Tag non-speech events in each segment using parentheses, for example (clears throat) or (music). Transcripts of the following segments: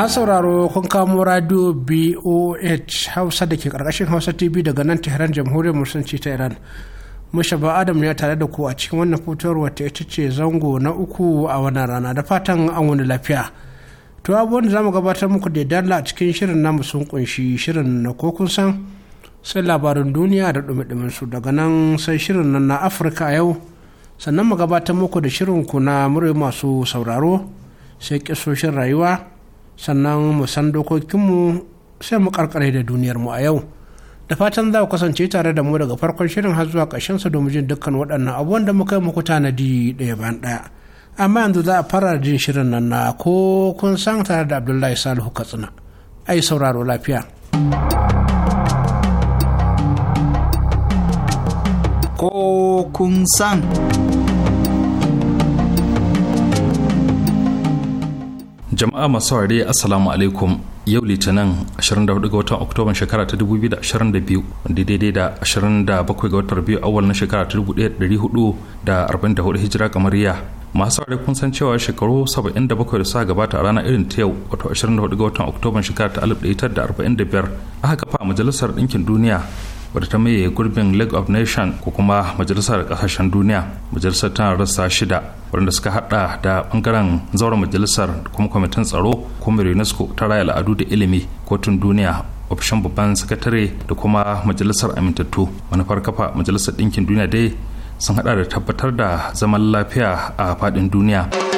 masu sauraro kun kamo radio boh hausa da ke karkashin hausa tv daga nan tehran jamhuriyar musulunci ta iran mushaba adam ya tare da ku a cikin wannan fitowar wata ita ce zango na uku a wannan rana da fatan an wani lafiya to abubuwan da zamu gabatar muku da dalla a cikin shirin na sun kunshi shirin na ko kun san sai labarin duniya da dumi su daga nan sai shirin nan na afirka a yau sannan mu gabatar muku da shirin ku na murai masu sauraro sai kisoshin rayuwa sannan mu san dokokinmu sai mu karkare da duniyarmu a yau da fatan za ku kasance tare da mu daga farkon shirin har zuwa ƙarshen sa domin jin dukkan waɗannan abubuwan da muka yi muku tanadi ɗaya bayan ɗaya amma yanzu za a fara jin shirin nan na ko kun san tare da abdullahi salihu katsina ai sauraro lafiya ko kun san jama'a masu ware assalamu alaikum yau litinin 24 ga watan oktoban shekara ta 2022 wanda daidai da 27 ga watan biyu awal na shekara ta 1444 hijira kamariya masu ware kun san cewa shekaru 77 da suka gabata a ranar irin ta yau wato 24 ga watan oktoban shekara ta 1945 aka kafa majalisar ɗinkin duniya wadda ta maye gurbin league of nations ko kuma majalisar kasashen duniya majalisar tana rassa shida wadanda suka hada da bangaren zauren majalisar kuma kwamitin tsaro kuma unesco ta raya al'adu da ilimi kotun duniya ofishin babban sakatare da kuma majalisar amintattu manufar kafa majalisar ɗinkin duniya dai sun hada da tabbatar da zaman lafiya a faɗin duniya.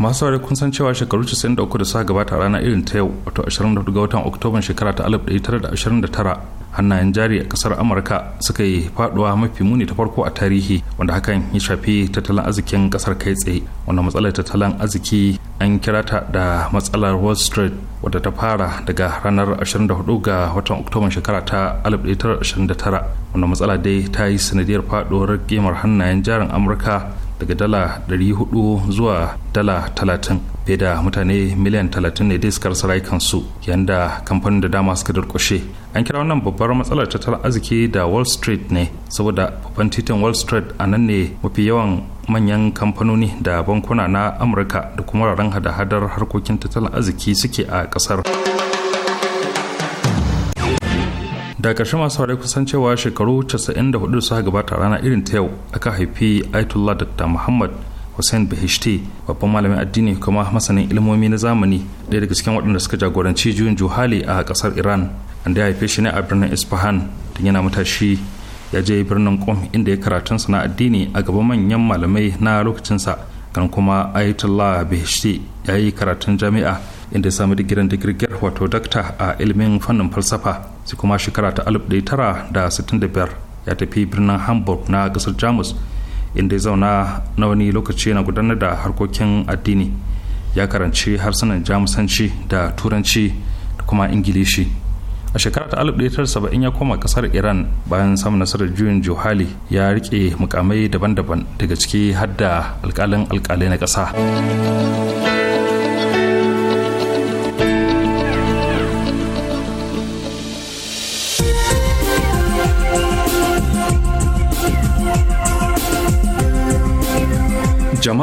masu saurari kun san cewa shekaru 93 da suka gabata rana irin ta yau wato 24 ga watan oktoban shekara ta 1929 hannayen jari a kasar amurka suka yi faduwa mafi muni ta farko a tarihi wanda hakan ya shafi tattalin arzikin kasar kai tsaye wanda matsalar tattalin arziki an kira ta da matsalar wall street wadda ta fara daga ranar 24 ga watan oktoban shekara ta 1929 wanda matsala dai ta yi sanadiyar faduwar gemar hannayen jarin amurka daga dala 400 zuwa dala 30 fiye da mutane miliyan talatin ne dai suka rasa rayukansu yayin da kamfanin da dama suka durkushe an kira wannan babbar matsalar tattalin arziki da wall street ne saboda babban titin wall street a nan ne mafi yawan manyan kamfanoni da bankuna na amurka da kuma wuraren hada-hadar harkokin tattalin arziki suke a kasar. da ƙarshe masu haure kusan cewa shekaru 94 suka gabata rana irin ta yau aka haifi aitullah dr muhammad hussein bahishti babban malamin addini kuma masanin ilmomi na zamani ɗaya daga cikin waɗanda suka jagoranci juyin juhali a ƙasar iran da ya haife shi ne a birnin isfahan da yana matashi ya je birnin kom inda ya karatun na addini a gaban manyan malamai na lokacinsa kan kuma aitullah bahishti ya yi karatun jami'a inda ya sami digirin digirgir wato dakta a ilimin fannin falsafa sai kuma shekara ta 1965 ya tafi birnin hamburg na kasar jamus inda ya zauna na wani lokaci yana gudanar da harkokin addini ya karanci harsunan jamusanci da turanci da kuma ingilishi a shekara ta 1970 ya koma kasar iran bayan samun nasarar juyin johali ya rike mukamai daban-daban daga ciki hadda alkalin alkalai na ƙasa.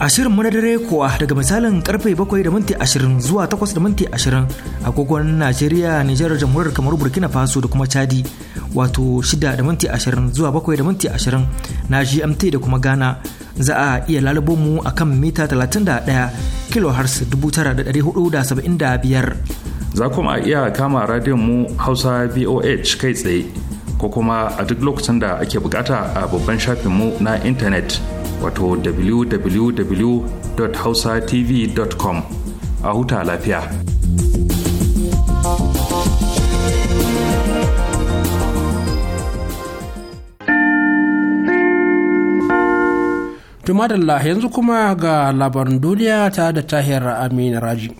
ashirin mu na dare kuwa daga misalin karfe 7 da minti 20 zuwa 8 da minti 20 agogon Najeriya, Nijar, Jamhuriyar kamar Burkina Faso da kuma Chadi wato 6 da minti 20 zuwa 7 da minti 20 na GMT da kuma Ghana za a iya lalubo mu a kan mita 31 kHz 9475. Za kuma a iya kama radiyon mu Hausa VOH kai tsaye ko kuma a duk lokacin da ake bukata a babban shafinmu na intanet. wato www.hausatv.com a huta lafiya. Tumadalla yanzu kuma ga labarin duniya ta da tahir Amin Raji.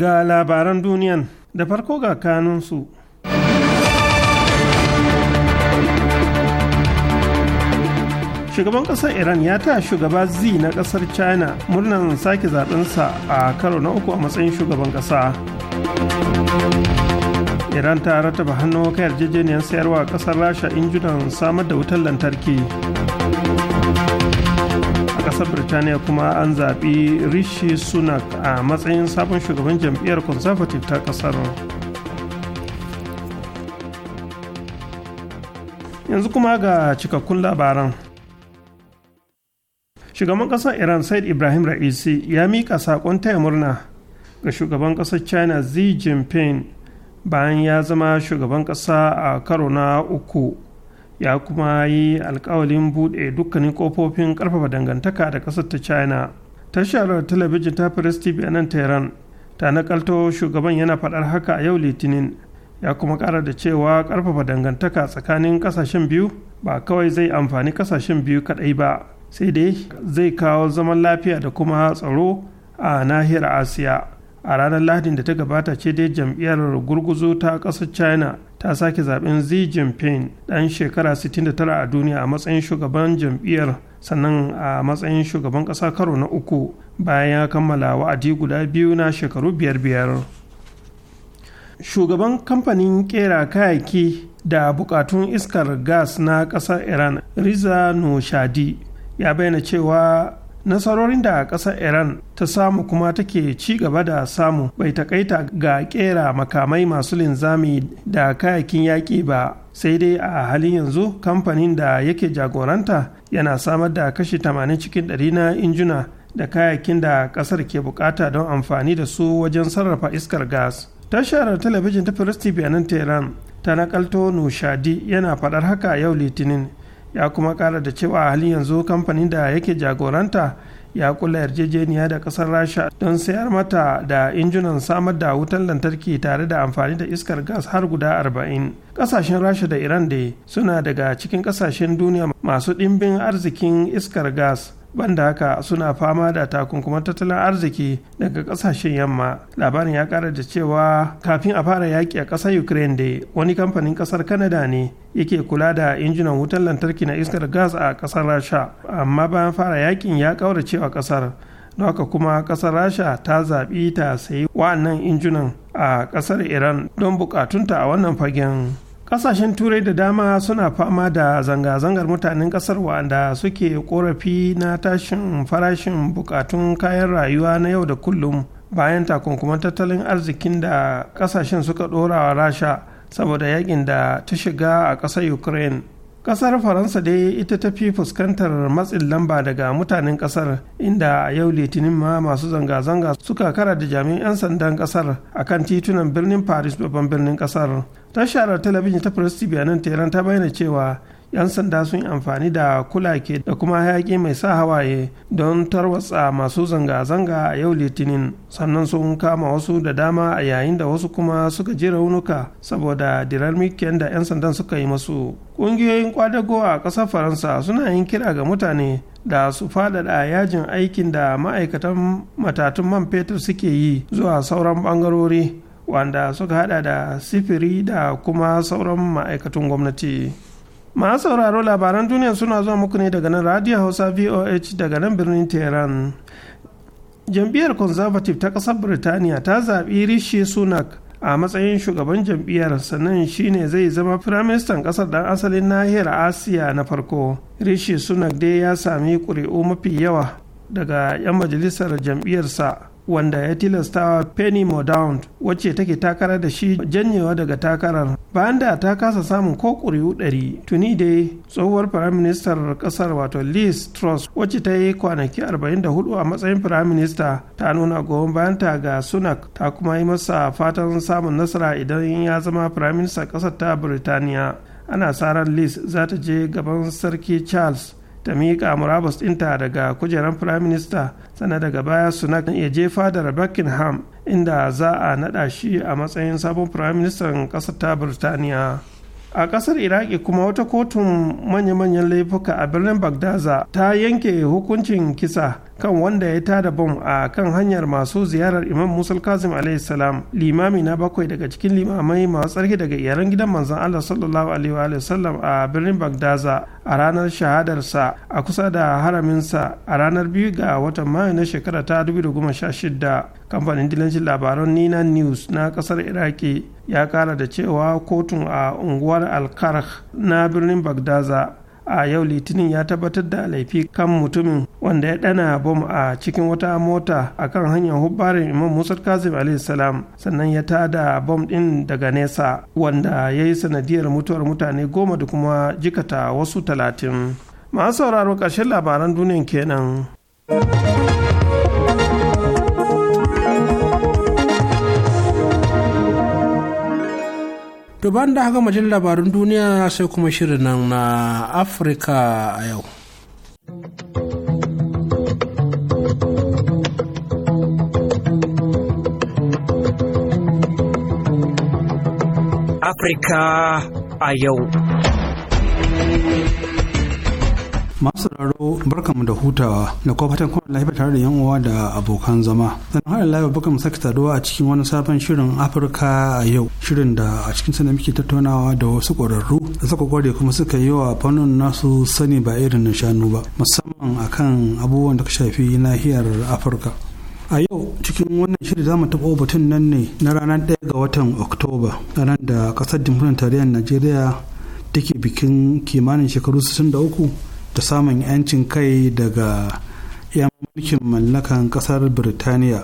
ga labaran duniyan da farko ga kanunsu. Shugaban ƙasar Iran ya ta shugaba Z na ƙasar China murnan sake zaɓensa a karo na uku a matsayin shugaban ƙasa. Iran ta rataba hannu kai yarjejeniyar sayarwa ƙasar Rasha injunan samar da wutar lantarki. ƙasar birtaniya kuma an zaɓi rishi sunak a matsayin sabon shugaban jam'iyyar conservative ta ƙasar yanzu kuma ga cikakkun labaran shugaban ƙasar iran said ibrahim ra'isi ya mika saƙon taya murna ga shugaban ƙasar china xi jinping bayan ya zama shugaban ƙasa a karo na uku ya kuma yi alkawalin buɗe dukkanin kofofin ƙarfafa dangantaka da ƙasar ta china tashar talabijin ta press tv a nan tehran ta nakalto shugaban yana faɗar haka a yau litinin ya kuma ƙara da cewa ƙarfafa dangantaka tsakanin ƙasashen biyu ba kawai zai amfani ƙasashen biyu kaɗai ba sai dai zai kawo zaman lafiya da kuma tsaro a nahiyar asiya a ranar lahadin da ta gabata ce dai jam'iyyar gurguzu ta ƙasar china ta sake zaben xi jinping dan shekara 69 a duniya a matsayin shugaban jam'iyyar sannan a matsayin shugaban ƙasa karo na uku bayan ya kammala wa'adi guda biyu na shekaru biyar biyar shugaban kamfanin kera kayaki da bukatun iskar gas na ƙasar iran riza noshadi ya bayyana cewa nasarorin da ƙasar iran ta samu kuma take ci gaba da samu bai takaita ga kera makamai masu linzami da kayakin yaƙi ba sai dai a halin yanzu kamfanin da yake jagoranta yana samar da kashi 80 cikin 100 na injuna da kayakin da ƙasar ke bukata don amfani da su wajen sarrafa iskar gas tashar talabijin ta firisti tv tehran ta nakalto nushadi yana faɗar haka yau litinin ya kuma kara da cewa halin yanzu kamfanin da yake jagoranta ya kula yarjejeniya da kasar rasha don sayar mata da injunan samar da wutan lantarki tare da amfani da iskar gas har guda 40 kasashen rasha da iran da suna daga cikin kasashen duniya masu ɗimbin arzikin iskar gas banda haka suna fama da takunkuman tattalin arziki daga kasashen yamma labarin ya kara da cewa kafin a fara yaki a ƙasar ukraine da wani kamfanin ƙasar canada ne yake kula da injunan wutar lantarki na iskar gas a ƙasar rasha amma bayan fara yaƙin ya ƙauracewa ƙasar don haka kuma ƙasar rasha ta zaɓi ta sayi wa'annan injunan a ƙasar iran don buƙatunta a wannan fagen. kasashen turai da dama suna fama da zanga-zangar mutanen kasar wanda suke korafi na tashin farashin bukatun kayan rayuwa na yau da kullum bayan takunkuman tattalin arzikin da kasashen suka dora wa rasha saboda yakin da ta shiga a ƙasar ukraine kasar faransa dai ita ta fi fuskantar matsin lamba daga mutanen kasar inda a yau litinin ma masu zanga-zanga suka kara da jami'an sandan kasar akan titunan birnin paris babban birnin kasar tashar talabijin ta press tv a nan teran ta bayyana cewa 'yan sanda sun yi amfani da kulake da kuma hayaki mai sa hawaye don tarwatsa masu zanga-zanga a yau litinin sannan sun kama wasu da dama a yayin da wasu kuma suka ji raunuka saboda dirar mikiyan da 'yan sandan suka yi masu ƙungiyoyin kwadago a ƙasar faransa suna yin kira ga mutane da su faɗaɗa yajin aikin da ma'aikatan matatun man fetur suke yi zuwa sauran ɓangarori wanda suka hada da sifiri da kuma sauran ma'aikatan gwamnati masu sauraro labaran duniya suna zuwa muku ne daga nan radio hausa voh daga nan birnin tehran jam'iyyar conservative ta ƙasar birtaniya ta zaɓi rishi sunak a matsayin shugaban jam'iyyar sannan shine zai zama firaministan ƙasar dan asalin nahiyar asiya na farko rishi sunak dai ya sami ƙuri'u mafi yawa daga 'yan majalisar jam'iyyarsa wanda ya tilastawa penny mordaunt wacce take takarar da shi janyewa daga takarar bayan da ta kasa samun ko ƙuri'u ɗari tuni dai tsohuwar firaministar ƙasar wato liz truss wacce ta yi kwanaki 44 a matsayin firaminista ta nuna goyon bayanta ga sunak ta kuma yi masa fatan samun nasara idan ya zama firaministan ƙasar ta birtaniya ana sa ran liz za ta je gaban sarki charles ta miƙa murabus ɗinta daga kujeran prime minister sannan daga baya sunak iya jefa da buckingham inda za a naɗa shi a matsayin sabon prime minister ƙasar ta birtaniya a ƙasar iraki kuma wata kotun manya-manyan laifuka a birnin bagdaza ta yanke hukuncin kisa kan wanda ya tada bom a kan hanyar masu ziyarar imam musul kazim salam limami na bakwai daga cikin limamai masu tsarki daga iyalan gidan manzan allah sallallahu alaihi wa sallam a birnin bagdaza a ranar shahadarsa a kusa da haraminsa a ranar biyu ga watan mayu na shekara ta 2016 kamfanin dilancin labaran nina news na kasar iraki ya kara da cewa kotun a unguwar alkarh na birnin bagdaza a yau litinin ya tabbatar da laifi kan mutumin wanda ya dana bom a cikin wata mota a kan hanyar hubbarin imam musa kazim salam sannan ya tada bom din daga nesa wanda ya yi sanadiyar mutuwar mutane goma da kuma jikata wasu talatin masu sauraron ƙarshen labaran duniyan kenan. to ban da haka majin labarun duniya sai kuma shirin nan na afirka a yau afirka a yau masu sauraro barkamu da hutawa da kuma fatan kwanan lafiya tare da yan uwa da abokan zama sannan har lafiya barkamu sake saduwa a cikin wani sabon shirin afirka a yau shirin da a cikin sanar muke tattaunawa da wasu kwararru da suka kware kuma suka yi wa fannin nasu sani ba irin na shanu ba musamman akan abubuwan da ka shafi nahiyar afirka a yau cikin wannan shirin za mu taɓa batun nan ne na ranar ɗaya ga watan oktoba ranar da ƙasar jamhuriyar tarayyar najeriya take bikin kimanin shekaru 63 da samun 'yancin kai daga 'yan mulkin mallakan kasar birtaniya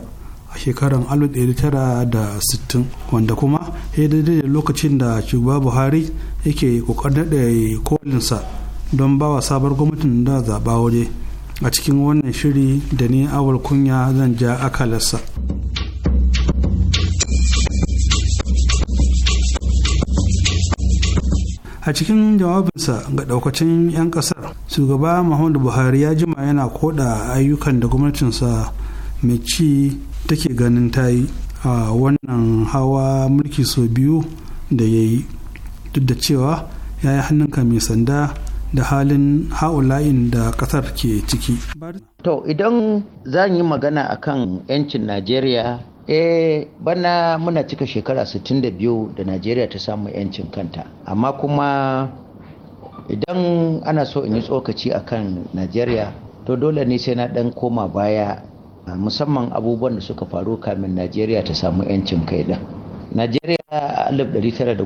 a shekarar 1960 wanda kuma ya daidai da lokacin da shugaba buhari yake kokarin da kolinsa don ba wa sabar gwamnatin da zaba waje a cikin wannan shiri da ni awal kunya zan ja akalarsa. a cikin jawabinsa ga daukacin 'yan kasar shugaba muhammadu buhari ya jima yana koda ayyukan da gwamnatinsa mai ci take ganin ta yi a wannan hawa mulki sau biyu da ya yi duk da cewa ya yi hannunka mai sanda da halin ha'ula'in da kasar ke ciki to idan zan yi magana akan 'yancin najeriya eh bana muna cika shekara 62 da najeriya ta samu 'yancin kanta amma kuma idan ana so in yi tsokaci a kan najeriya to dole ne sai na ɗan koma baya musamman abubuwan da suka faru kamin najeriya ta samu 'yancin kai din 1914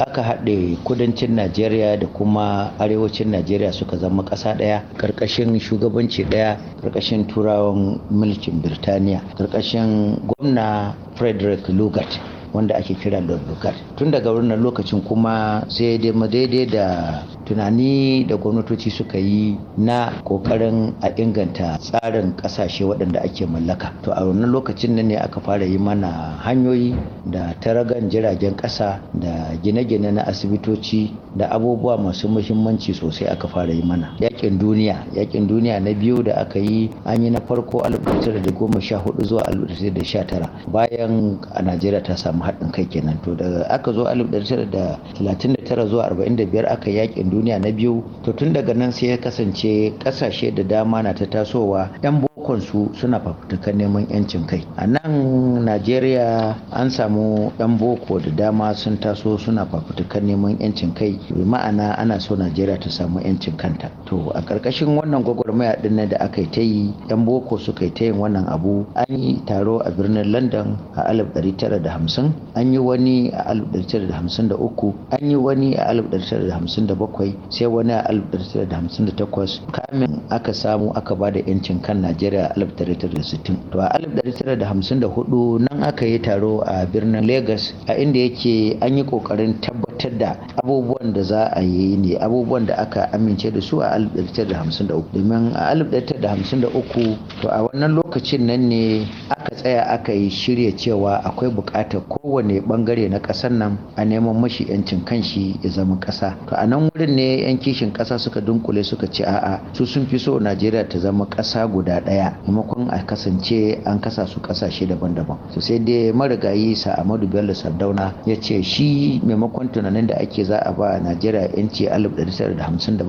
aka haɗe kudancin najeriya da kuma arewacin najeriya suka zama ƙasa ɗaya ƙarƙashin shugabanci ɗaya ƙarƙashin turawan milkin birtaniya ƙarƙashin gwamna frederick lugat wanda ake kira da lugat tun daga wannan lokacin kuma sai daidai da tunani da gwamnatoci suka yi na kokarin a inganta tsarin kasashe waɗanda ake mallaka to a wannan lokacin nan ne aka fara yi mana hanyoyi da taragan jiragen ƙasa da gine-gine na asibitoci da abubuwa masu muhimmanci sosai aka fara yi mana yakin duniya yakin duniya na biyu da aka yi an yi na farko 1914 zuwa bayan a najeriya ta samu haɗin kai kenan to da aka zo 1939 zuwa 45 aka yakin duniya duniya na biyu to tun daga nan sai ya kasance kasashe da dama na ta tasowa 'yan su suna fafutukan neman 'yancin kai a nan najeriya an samu 'yan boko da dama sun taso suna fafutukan neman 'yancin kai ma'ana ana so najeriya ta samu 'yancin kanta to a ƙarƙashin wannan gwagwarmaya ne da aka yi ta yi 'yan boko suka ta yin wannan abu an yi taro a birnin london a 1950 an yi wani a 1953 an yi wani a 1957 bakwai sai wani a alif da hamsin da takwas kamin aka samu aka ba da yancin kan najeriya a alif da sittin to a alif da hamsin da hudu nan aka yi taro a birnin lagos a inda yake an yi kokarin tabbatar da abubuwan da za a yi ne abubuwan da aka amince da su a alif da hamsin da uku domin a alif da hamsin da uku to a wannan lokacin nan ne aka tsaya aka yi shirya cewa akwai bukatar kowane bangare na ƙasar nan a neman mashi yancin kanshi ya zama ƙasa to a nan wurin ne yan kishin ƙasa suka dunkule suka ce a'a su sun fi so najeriya ta zama kasa guda ɗaya maimakon a kasance an kasa su kasashe daban-daban su sai dai marigayi sa amadu bello sardauna ya ce shi maimakon tunanin da ake za a ba a najeriya yanci 1957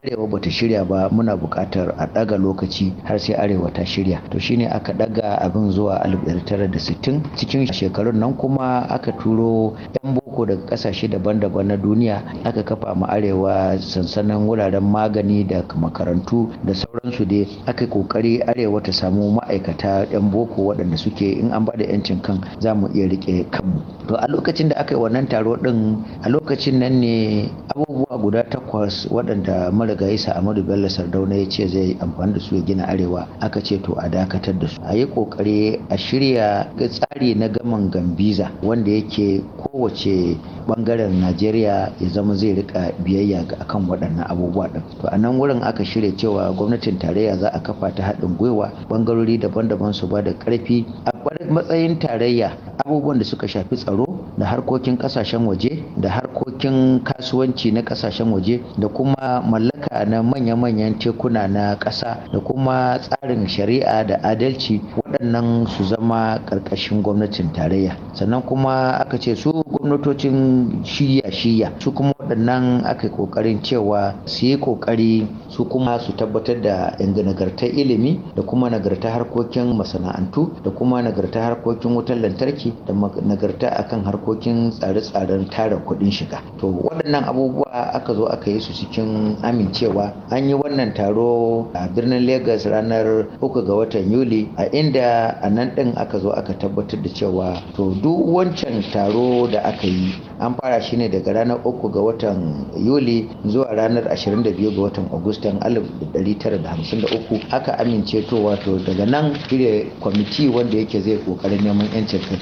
arewa bata shirya ba muna bukatar a ɗaga lokaci har sai arewa ta shirya to shine aka ɗaga abin zuwa 1960 cikin shekarun nan kuma aka turo 'yan boko daga kasashe daban-daban na duniya aka kafa ma arewa cewa sansanin wuraren magani da makarantu da sauransu dai aka kokari arewa ta samu ma'aikata 'yan boko waɗanda suke in an bada 'yancin kan za mu iya rike kanmu to a lokacin da aka yi wannan taro din a lokacin nan ne abubuwa guda takwas waɗanda marigayi amadu bello sardauna ya ce zai amfani da su ya gina arewa aka ce to a dakatar da su a yi kokari a shirya tsari na gaman gambiza wanda yake kowace bangaren najeriya ya zama zai rika biyayya tarayya ga akan waɗannan abubuwa ɗin to a nan wurin aka shirya cewa gwamnatin tarayya za a kafa ta haɗin gwiwa bangarori daban-daban su ba da ƙarfi a matsayin tarayya abubuwan da suka shafi tsaro da harkokin ƙasashen waje da harkokin kasuwanci na ƙasashen waje da kuma mallaka na manya-manyan tekuna na ƙasa da kuma tsarin shari'a da adalci waɗannan su zama ƙarƙashin gwamnatin tarayya sannan kuma aka ce su gwamnatocin shiya-shiya su kuma waɗannan aka kokarin cewa su yi kokari su kuma su tabbatar da nagartar ilimi da kuma nagarta harkokin masana'antu da kuma nagarta harkokin wutar lantarki da nagarta akan harkokin tsare-tsaren tara kuɗin shiga to waɗannan abubuwa aka zo aka yi su cikin amincewa an yi wannan taro a birnin Legas ranar uku ga watan yuli a inda a nan ɗin aka zo aka tabbatar da cewa to duk wancan taro da aka yi an fara shi ne daga ranar 3 ga watan yuli zuwa ranar 22 ga watan agustan 1953 aka amince to wato daga nan shirya kwamiti wanda yake zai kokarin neman 'yancin kai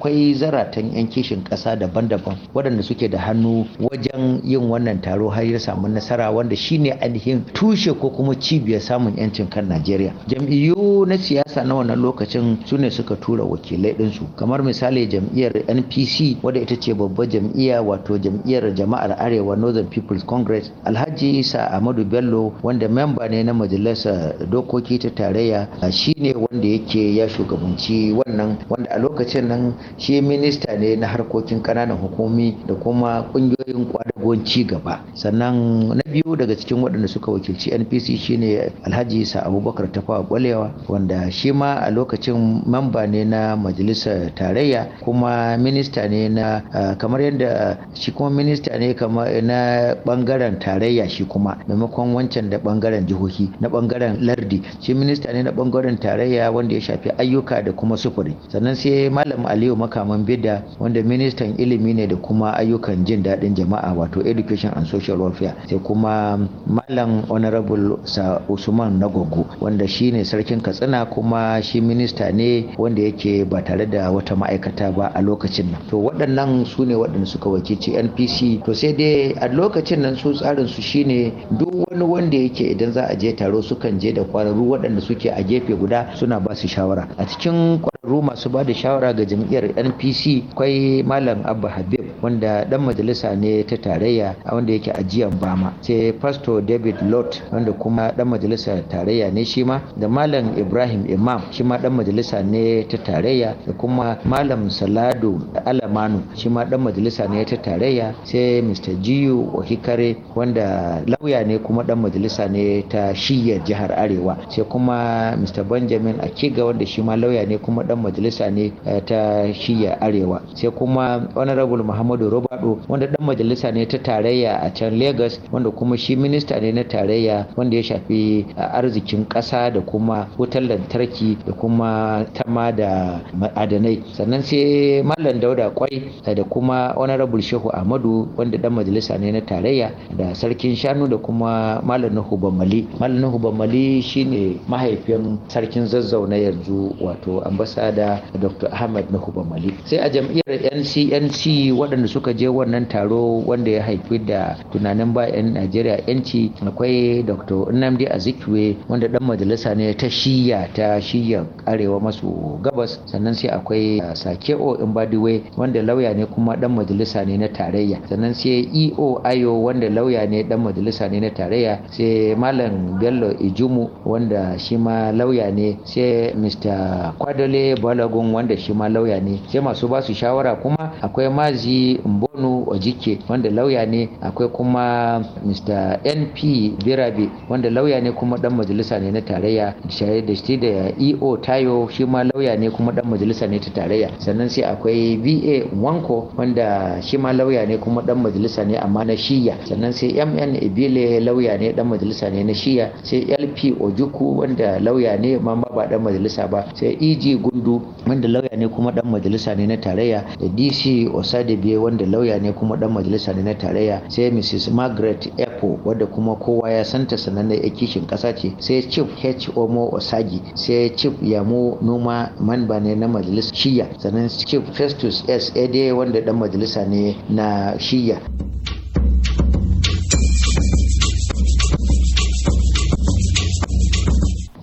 akwai zaratan 'yan kishin ƙasa daban-daban waɗanda suke da hannu wajen yin wannan taro har ya samu nasara wanda shine ainihin tushe ko kuma cibiyar samun 'yancin kan Najeriya. Jam'iyyu na siyasa na wannan lokacin sune suka tura wakilai ɗinsu kamar misali jam'iyyar NPC wadda ita ce babbar jam'iyya wato jam'iyyar jama'ar Arewa Northern People's Congress Alhaji Isa Ahmadu Bello wanda memba ne na majalisar dokoki ta tarayya shine wanda yake ya shugabanci wannan wanda a lokacin nan shi minista ne na harkokin kananan hukumi da kuma ƙungiyoyin kwadagon ci gaba sannan na biyu daga cikin waɗanda suka wakilci npc shine alhaji Isa abubakar tafawa Gwalewa, wanda shi ma a lokacin mamba ne na majalisar tarayya kuma minista ne na eh, kamar yadda shi kuma minista ne na bangaren tarayya shi kuma maimakon wancan da bangaren jihohi na bangaren lardi shi minista ne na bangaren tarayya wanda ya shafi ayyuka da kuma sufuri sannan sai malam aliyu makaman bidda wanda ministan ilimi ne da kuma ayyukan jin daɗin jama'a wato education and social welfare sai kuma malam honorable sa usman nagogo wanda shi ne sarkin katsina kuma shi minista ne wanda yake ba tare da wata ma'aikata ba a lokacin nan to waɗannan su ne waɗanda suka wakilci npc to sai dai a lokacin nan su tsarin su shine duk wani wanda yake idan za a je taro sukan je da kwararru waɗanda suke a gefe guda suna ba su shawara a cikin masu ba da shawara ga jam'iyyar npc kwai malam abba habib wanda dan majalisa ne ta tarayya a wanda yake ajiyan bama sai pastor david lot wanda kuma dan majalisa tarayya ne shi ma da malam ibrahim imam shi ma dan majalisa ne ta tarayya da kuma malam salado alamanu shi ma dan majalisa ne ta tarayya sai mr jiyu ohikare wanda lauya ne kuma dan majalisa ne ta shiya jihar arewa sai kuma mr benjamin akiga wanda shi ma lauya ne kuma dan majalisa ne eh, ta shiya arewa sai kuma honorable muhammadu robado wanda dan majalisa ne ta tarayya a can lagos wanda kuma shi minista ne na tarayya wanda ya shafi arzikin ƙasa da kuma wutar lantarki da kuma tama da ma'adanai sannan sai mallam dauda kwai da kuma honorable shehu ahmadu wanda dan majalisa ne na tarayya da sarkin shanu da kuma Mallam nuhu bamali Mallam nuhu bamali shine mahaifin sarkin zazzau na yanzu wato ambasada dr ahmad nuhu bamali sai a jam'iyyar ncnc waɗanda suka je wannan taro wanda ya haifi da tunanin bayan najeriya 'yanci akwai dr nnamdi azikiwe wanda ɗan majalisa ne ta shiya ta shiya arewa masu gabas sannan sai akwai uh, sakeo imbadiwe wanda lauya ne kuma dan majalisa ne na tarayya sannan sai eo ayo wanda lauya ne dan majalisa ne na tarayya sai malam bello ijumu wanda shi ma lauya ne sai mr kwadole balagun wanda shi ma lauya ne sai masu basu shawara kuma akwai mazi mbonu ojike wanda lauya ne akwai kuma mr np birabe wanda lauya ne kuma dan majalisa ne na tarayya tare da shi da eo tayo shi ma lauya ne kuma dan majalisa ne ta tarayya sannan sai akwai VA wanko wanda shi ma lauya ne kuma dan majalisa ne amma na shiya sannan sai mn ibile lauya ne dan majalisa ne na shiya sai lp ojuku wanda lauya ne ma ba dan majalisa ba sai eg gundu wanda lauya ne kuma dan majalisa ne na tarayya da dc osadebi Fage wanda lauya ne kuma dan majalisa ne na tarayya sai Mrs Margaret Epo wanda kuma kowa ya santa sananne ya kishin kasa ce sai Chief H Omo Osagi sai Chief Yamo numa Manba ne na majalisa Shiya sannan Chief Festus S Ede wanda dan majalisa ne na Shiya.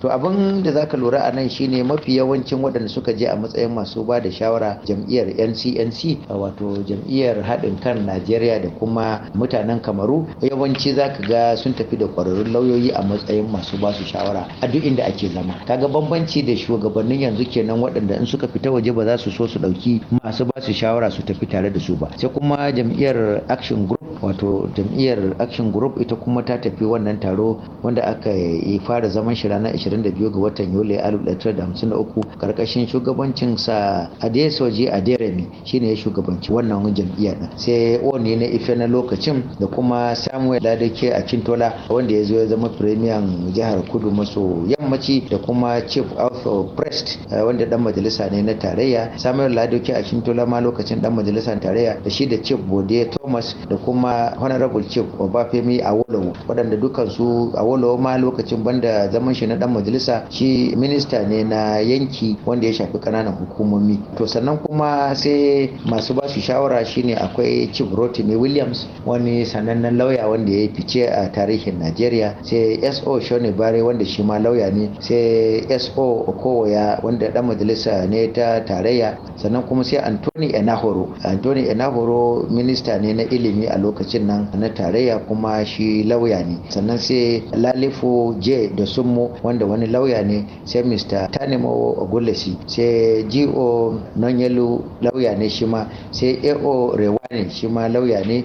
to abin da zaka lura a nan shine mafi yawancin waɗanda suka je a matsayin masu ba da shawara jam'iyyar ncnc wato jam'iyyar haɗin kan najeriya da kuma mutanen kamaru yawanci zaka ga sun tafi da ƙwararrun lauyoyi a matsayin masu ba su shawara a duk inda ake zama kaga bambanci da shugabannin yanzu kenan waɗanda in suka fita waje ba za su so su ɗauki masu ba su shawara su tafi tare da su ba sai kuma jam'iyyar action group wato jam'iyyar action group ita kuma ta tafi wannan taro wanda aka yi fara zaman shi ranar 22 ga watan yuli 1953 karkashin shugabancin sa adesoji aderemi shine ya shugabanci wannan jam'iyyar sai oni na ife na lokacin da kuma samuel ladake a cintola wanda ya zo ya zama firimiyan jihar kudu maso yammaci da kuma chief of Press eh, wanda dan majalisa ne na tarayya samuel ladake a Cintola ma lokacin dan majalisar tarayya da shi da chief bode thomas da kuma kuma honorable chief obafemi awolowo waɗanda dukansu awolowo ma lokacin banda zaman shi na dan majalisa shi minista ne na yanki wanda ya shafi ƙananan hukumomi to sannan kuma sai masu ba su shawara shine akwai chief rotimi williams wani sanannen lauya wanda ya yi fice a tarihin nigeria sai so shone bare wanda shi ma lauya ne sai so okowoya wanda dan majalisa ne ta tarayya sannan kuma sai anthony enahoro anthony enahoro minista ne na ilimi a lokacin lokacin nan na tarayya kuma shi lauya ne sannan sai lalifo j da sunmu wanda wani lauya ne sai mr tanimo ogulesi sai go nonyelu lauya ne shi ma sai ao rewane shi ma lauya ne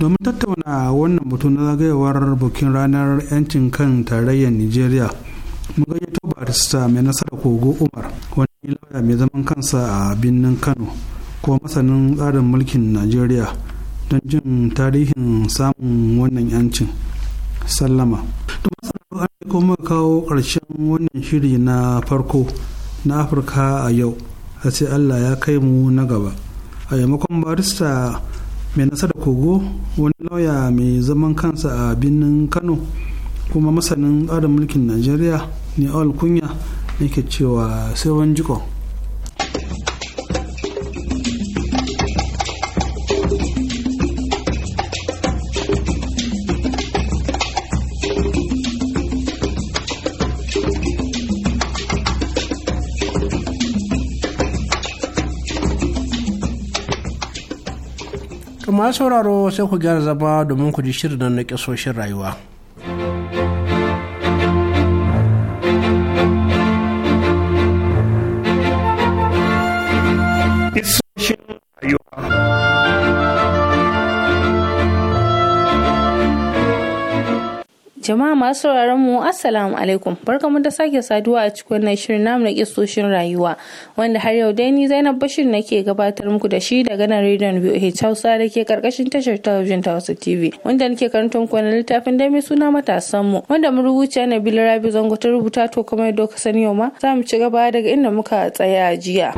domin tattauna wannan mutum na zagayewar bukin ranar 'yancin kan tarayyar nigeria mun gayyato barista mai nasara kogo umar wani lauya mai zaman kansa a birnin kano ko masanin tsarin mulkin najeriya don jin tarihin samun wannan yancin sallama to masana an kuma kawo ƙarshen wannan shiri na farko na afirka a yau a sai allah ya kai mu na gaba a yamakon barista mai nasara kogo wani lauya mai zaman kansa a birnin kano kuma masanin tsarin mulkin najeriya ne awal kunya yake cewa sai wani jikon kamar sauraro sai ku gyara zaba domin ku ji shirin na kisoshin rayuwa rayuwa. Jama'a masu sauraron mu Assalamu alaikum. Barkamu da sake saduwa a cikin wannan shirin namu na kisoshin rayuwa wanda har yau dai ni Zainab Bashir nake gabatar muku da shi daga nan Radio VOH Hausa da ke karkashin tashar talabijin ta Hausa TV wanda nake karanta muku wannan littafin da mai suna matasan mu wanda mu rubuta Nabil Rabi Zango ta rubuta to kuma yadda ka sani yau ma za mu ci gaba daga inda muka tsaya jiya.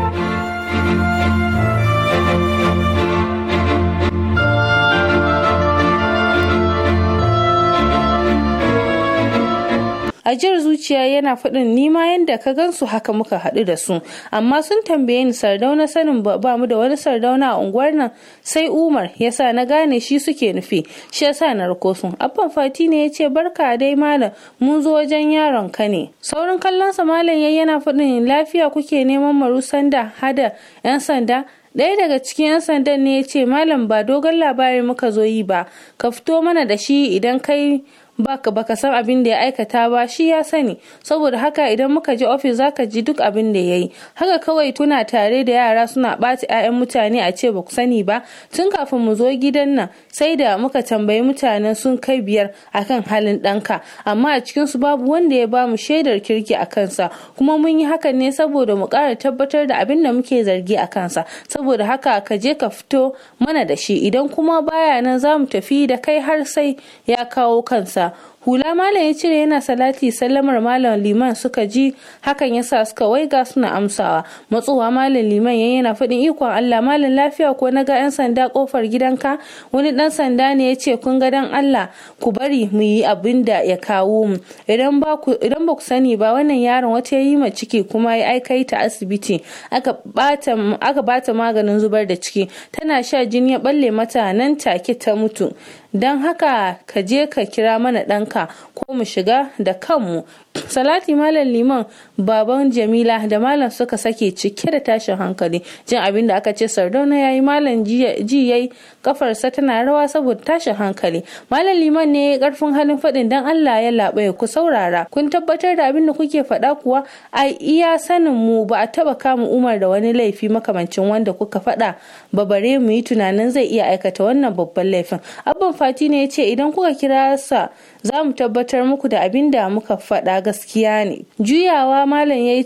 ajiyar zuciya yana faɗin nima yadda ka gansu haka muka haɗu da su amma sun tambaye ni sardauna sanin ba mu da wani sardauna a unguwar nan sai umar yasa na gane shi suke nufi shi yasa na rako su abban fati ne ya ce barka dai malam mun zo wajen yaron ka ne saurin kallon sa malam yayi yana faɗin lafiya kuke neman marusan da hada yan sanda ɗaya daga cikin 'yan sandan ne ya ce malam ba dogon labari muka zo yi ba ka fito mana da shi idan kai baka baka san abin da ya aikata ba shi ya sani saboda haka idan muka je ofis zaka ji duk abin da yayi haka kawai tuna tare da yara suna ɓata 'ya'yan mutane a ce ba ku sani ba tun kafin mu zo gidan nan sai da muka tambayi mutanen sun kai biyar akan halin danka amma a cikin su babu wanda ya bamu shaidar kirki a kansa kuma mun yi hakan ne saboda mu ƙara tabbatar da abin da muke zargi a kansa saboda haka ka je ka fito mana da shi idan kuma baya nan za mu tafi da kai har sai ya kawo kansa hula malam ya cire yana salati sallamar malam liman suka ji hakan ya sa suka waiga suna amsawa matsowa malam liman ya yana faɗin ikon allah malam lafiya ko na ga 'yan sanda kofar gidanka wani dan sanda ne ya ce kun ga dan allah ku bari mu yi abin da ya kawo mu idan ba ku sani ba wannan yaron wata ya yi ma ciki kuma ya aikai ta asibiti aka bata maganin zubar da ciki tana sha jini ya balle mata nan take ta mutu don haka ka je ka kira mana ɗanka ko mu shiga da kanmu (clears throat) salati malam liman baban jamila da malam suka sake cike da tashin hankali jin abin da aka ce sardauna ya yi malam ji ya kafarsa tana rawa saboda tashin hankali malam liman ne ya karfin halin faɗin don allah ya laɓaya ku saurara kun tabbatar da abin da kuke faɗa kuwa A iya sanin mu ba a taɓa kama umar da wani laifi makamancin wanda kuka faɗa babare muyi mu yi tunanin zai iya aikata wannan babban laifin abban fati ne ya ce idan kuka kira sa za mu tabbatar muku da abin da muka faɗa gaskiya ne juyawa malam ya yi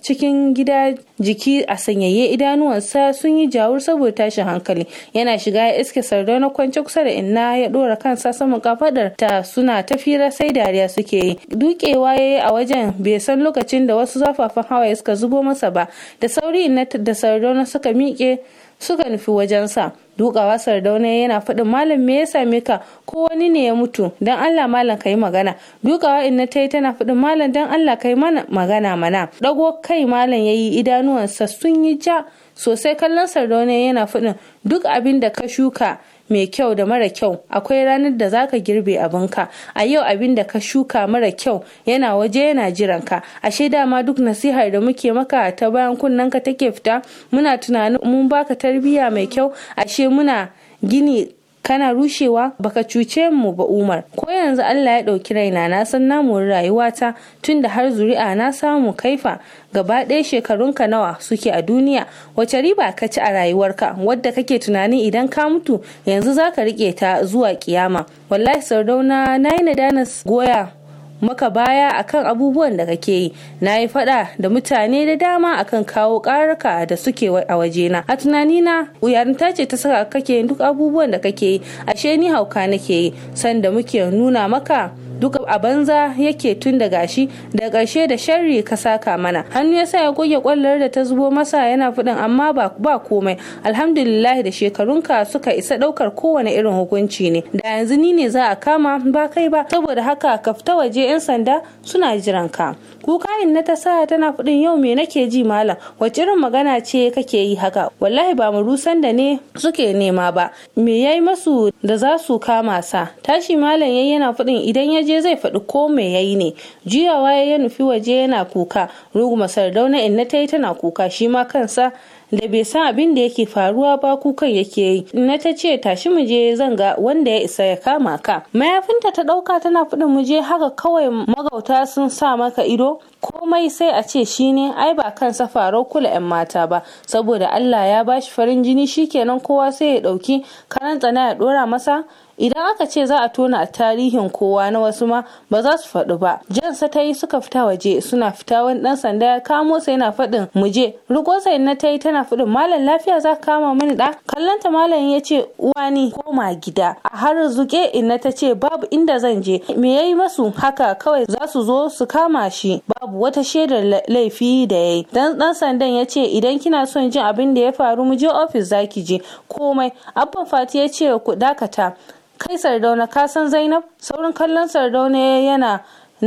cikin gida jiki a sanyaye idanuwansa sun yi jawur saboda tashin hankali yana shiga ya iske na kwance kusa da inna ya dora kansa saman kafadar ta suna ta fira sai dariya suke yi dukewa ya yi a wajen bai san lokacin da wasu zafafan hawaye suka zubo masa ba da sauri inna da na suka miƙe suka nufi wajensa dukawa sardauna yana faɗin malam me ya same ka ko wani ne ya mutu dan Allah malam ka yi magana dukawa inna tayi tana faɗin malam dan Allah kai mana magana mana ɗago kai malam ya yi idanuwansa sun yi ja sosai kallon sardauna yana faɗin duk abin da ka shuka mai kyau da mara kyau akwai ranar da zaka girbe abinka a yau abin da ka shuka mara kyau yana waje yana jiranka ashe dama duk nasihar da muke maka ta bayan kunnenka take fita muna tunanin mun baka tarbiyya mai kyau ashe muna gini kana rushewa baka cuce mu ba umar ko yanzu allah ya ɗauki raina na san namu rayuwata tunda har zuri'a na samu kaifa gaba ɗaya shekarunka nawa suke a duniya wace riba ka ci a rayuwarka wadda kake tunanin idan ka mutu yanzu zaka riƙe ta zuwa kiyama wallahi sardauna na yi nadanas goya maka baya akan abubuwan da kake yi na yi faɗa da mutane da dama akan kawo karaka da suke a wajena a tunanina ta ce ta saka kake duk abubuwan da kake yi ashe ni hauka nake yi sanda muke nuna maka duk a banza yake tun da gashi da ƙarshe da sharri ka saka mana hannu ya sa ya goge kwallar da ta zubo masa yana fudin amma ba ba komai alhamdulillah da shekarunka suka isa ɗaukar kowane irin hukunci ne da yanzu ni ne za a kama ba kai ba saboda haka ka fita waje 'yan sanda suna jiran ka kukayin na ta sa tana fudin yau me nake ji malam wace irin magana ce kake yi haka wallahi ba murusan da ne suke nema ba me yayi masu da za su kama sa tashi malam yayi yana fudin idan ya je je zai faɗi ko me ya yi ne juyawa ya nufi waje yana kuka ruguma sardauna na ta yi tana kuka shi ma kansa da bai san abin da yake faruwa ba kukan yake yi na ta ce tashi mu je ga wanda ya isa ya kama ka mayafinta ta ɗauka tana fudin mu je haka kawai magauta sun sa maka ido komai sai a ce shine ai ba kansa farau kula yan mata ba saboda Allah ya bashi farin jini shi shikenan kowa sai ya dauki karan tsana ya ɗora masa idan aka ce za a tona a tarihin kowa na wasu ma ba za su faɗu ba sa ta yi suka fita waje suna fita wani ɗan sanda ya kamo sai yana faɗin mu je riko sai na ta yi tana faɗin malam lafiya za ka kama mani ɗa kallanta malam ya ce uwani koma gida a har zuke inna ta ce babu inda zan je me ya yi masu haka kawai za su zo su kama shi babu wata shaidar laifi da ya yi dan ɗan sandan ya ce idan kina son jin abin da ya faru mu je ofis ki je komai abban fati ya ce ku dakata kai sardauna ka san zainab saurin kallon sardauna yana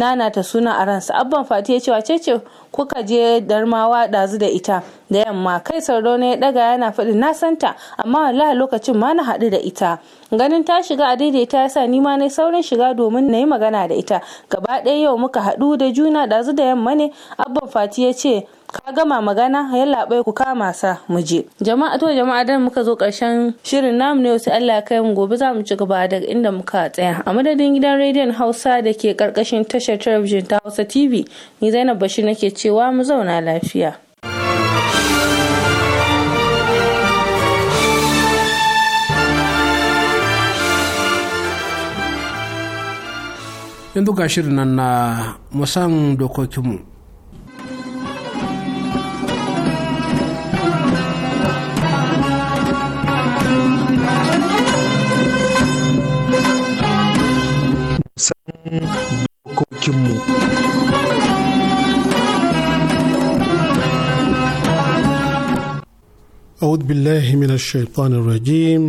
nanata suna a ransa abban fati ya ce wace kuka je darmawa ɗazu da ita da yamma kai sauro ya ɗaga yana faɗi na santa amma wallahi lokacin ma na haɗu da ita ganin ta shiga a daidaita yasa ni ma na saurin shiga domin na yi magana da ita gaba ɗaya yau muka haɗu da juna ɗazu da yamma ne abban fati ya ce ka gama magana yallaɓai ku kama sa mu je jama'a to jama'a dan muka zo karshen shirin namu ne sai Allah ya kai mu gobe za mu ci gaba da inda muka tsaya a madadin gidan rediyon Hausa da ke karkashin tashar talabijin ta Hausa TV ni Zainab Bashir nake ce cewa mu zauna lafiya. yanzu ga shirin nan na musan dokokinmu musan dokokinmu أعوذ بالله من الشيطان الرجيم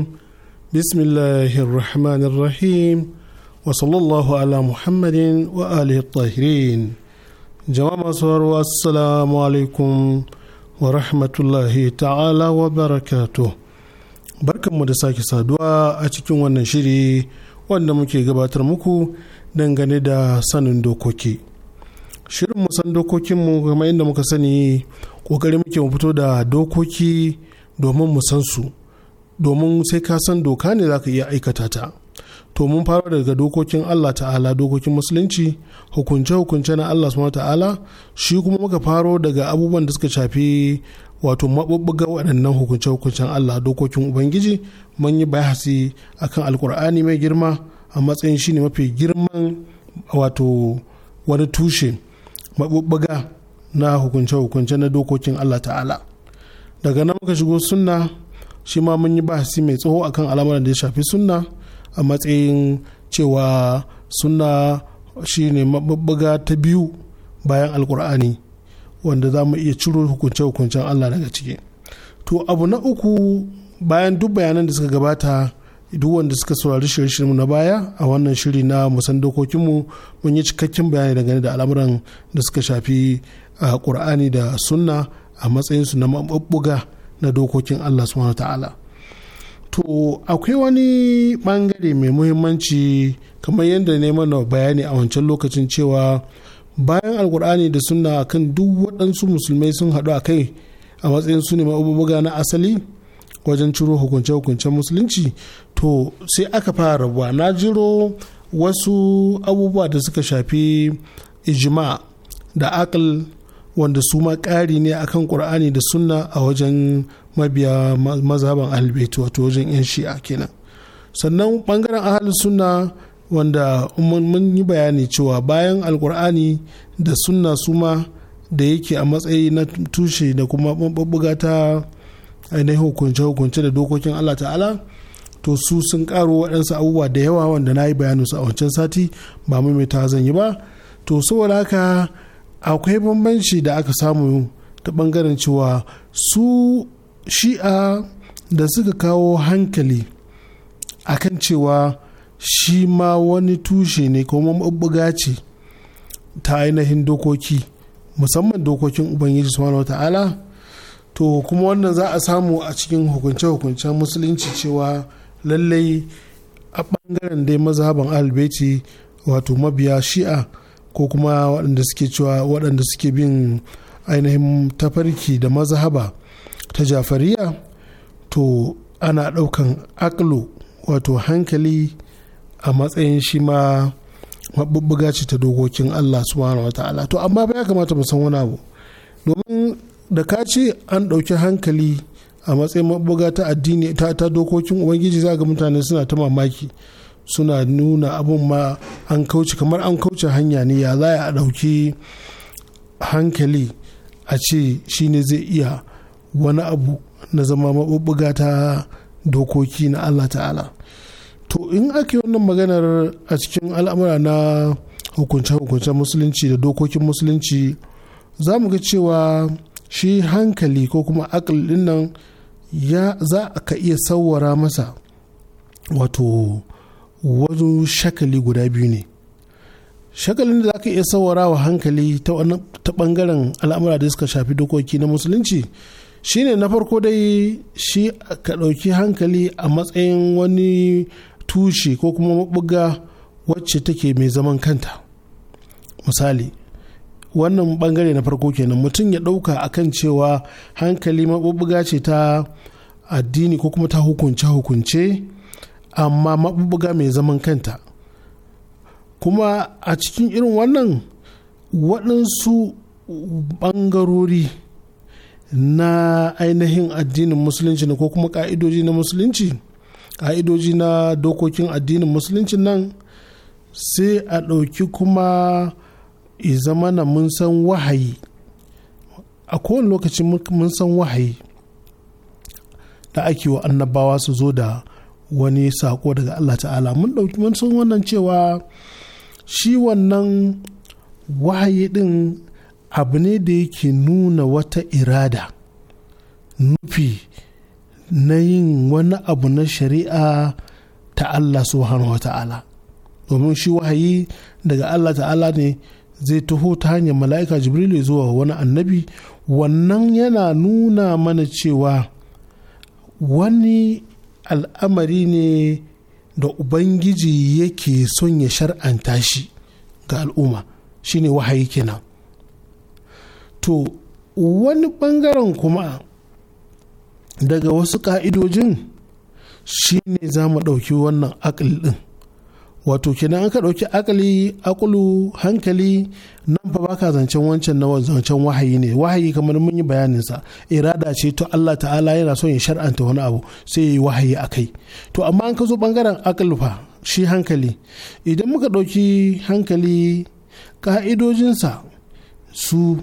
بسم الله الرحمن الرحيم wa الله على محمد وآله الطاهرين جواب صور والسلام عليكم ورحمة الله تعالى وبركاته barkan mu da sake saduwa a cikin wannan shiri wanda muke gabatar muku dangane da sanin dokoki shirin mu san dokokin mu kamar inda muka sani kokarin muke mu fito da dokoki domin mu san su domin sai ka san doka ne za ka iya aikata ta to mun fara daga dokokin Allah ta'ala dokokin musulunci hukunce-hukunce na Allah subhanahu ta'ala shi kuma muka faro daga abubuwan da suka shafi wato mabubbuga waɗannan hukunce-hukuncen Allah dokokin Ubangiji mun yi bahasi akan alkur'ani mai girma a matsayin shine ne mafi girman wato wani tushe mabubbuga na hukunce-hukunce na dokokin Allah ta'ala daga nan muka shigo sunna shi ma mun yi bahasi mai tsoho akan al'amuran da ya shafi sunna a matsayin cewa sunna shi ne mabubbuga ta biyu bayan alkur'ani wanda za mu iya ciro hukunce-hukuncen allah daga ciki to abu na uku bayan duk bayanan da suka gabata duk wanda suka saurari shirye-shiryenmu na baya a wannan shiri na musan dokokinmu mun yi cikakken bayani dangane da al'amuran da suka shafi a ah, da sunna a matsayinsu na maɓuɓɓuga na dokokin Allah subhanahu ta'ala to akwai wani bangare mai muhimmanci kamar yadda ne mana bayani a wancan lokacin cewa bayan alkur'ani da sunna kan duk waɗansu musulmai sun haɗu a kai a matsayin su ne maɓuɓɓuga na asali wajen ciro hukunce-hukuncen musulunci to sai aka fara rabuwa na jiro wasu abubuwa da suka shafi ijima da akal wanda su ma ƙari ne akan ƙur'ani da sunna a wajen mabiya mazhaban albaitu wato wajen 'yan shi'a kenan sannan bangaren ahalin sunna wanda mun yi bayani cewa bayan alkur'ani da sunna suma da yake a matsayi na tushe da kuma ɓaɓɓuga ta ainihin hukunce-hukunce da dokokin allah ta'ala to su sun ƙaro waɗansu abubuwa da yawa wanda na yi bayanin su a wancan sati ba mai ta zan yi ba to saboda haka akwai bambanci da aka samu ta bangaren cewa su shi'a da suka kawo hankali a kan cewa shi ma wani tushe ne ko mabubbuga ce ta ainihin dokoki musamman dokokin ubangiji subhanahu ta'ala to kuma wannan za a samu a cikin hukunce-hukuncen musulunci cewa lallai a bangaren dai mazhaban albeci wato mabiya shi'a ko kuma waɗanda suke cewa waɗanda suke bin ainihin tafarki da mazhaba ta jafariya to ana ɗaukan aklo wato hankali a matsayin shi ma maɓuɓɓuga ce ta dokokin Allah subhanahu wa ta'ala to amma ba ya kamata mu san wani abu domin da ka ce an ɗauki hankali a matsayin maɓuɓɓuga ta addini ta, dokokin ubangiji za ga mutane suna ta mamaki suna nuna abun ma an kauce kamar an kauce hanya ne ya za a ɗauki hankali a ce shi ne zai iya wani abu na zama maɓuɓɓuga ta dokoki na Allah ta'ala to in ake wannan maganar a cikin al'amura na hukunce hukunce musulunci da dokokin musulunci za mu ga cewa shi hankali ko kuma akal nan ya za ka iya sawwara masa wato wazo shakali guda biyu ne shakalin da za iya sawara wa hankali ta bangaren al'amura da suka shafi dokoki na musulunci shine na farko dai shi ka ɗauki hankali a matsayin wani tushe ko kuma mabuga wacce take mai zaman kanta misali wannan bangare na farko kenan mutum ya ɗauka kan cewa hankali mabuga ce ta addini ko kuma ta hukunce-hukunce amma mabubuga mai zaman kanta kuma a cikin irin wannan waɗansu ɓangarori na ainihin addinin musulunci ko kuma ƙa'idoji na musulunci ƙa'idoji na dokokin addinin musulunci nan sai a ɗauki kuma zama mun san wahayi a kowane lokaci mun san wahayi da ake wa annabawa su zo da wani sako daga Allah ta'ala mun ɗauki mun san wannan cewa shi wannan wahayi ɗin abu ne da yake nuna wata irada nufi na yin wani abu na shari'a ta Allah subhanahu wa ta'ala domin shi wahayi daga Allah ta'ala ne zai taho ta hanyar mala'ika jibrilu zuwa wani annabi wannan yana nuna mana cewa wani al'amari ne da ubangiji yake son ya shar'anta shi ga al'umma shine wahayi kenan to wani bangaren kuma daga wasu ka'idojin shine za mu ɗauki wannan akil ɗin wato kenan an ka ɗauki akali akulu hankali nan fa baka zancen wancan na zancen wahayi ne wahayi kamar mun yi bayanin sa irada ce to Allah ta'ala yana son ya shar'anta wani abu sai ya yi wahayi a kai to amma an ka zo bangaren akalfa shi hankali idan muka ɗauki hankali ka'idojinsa su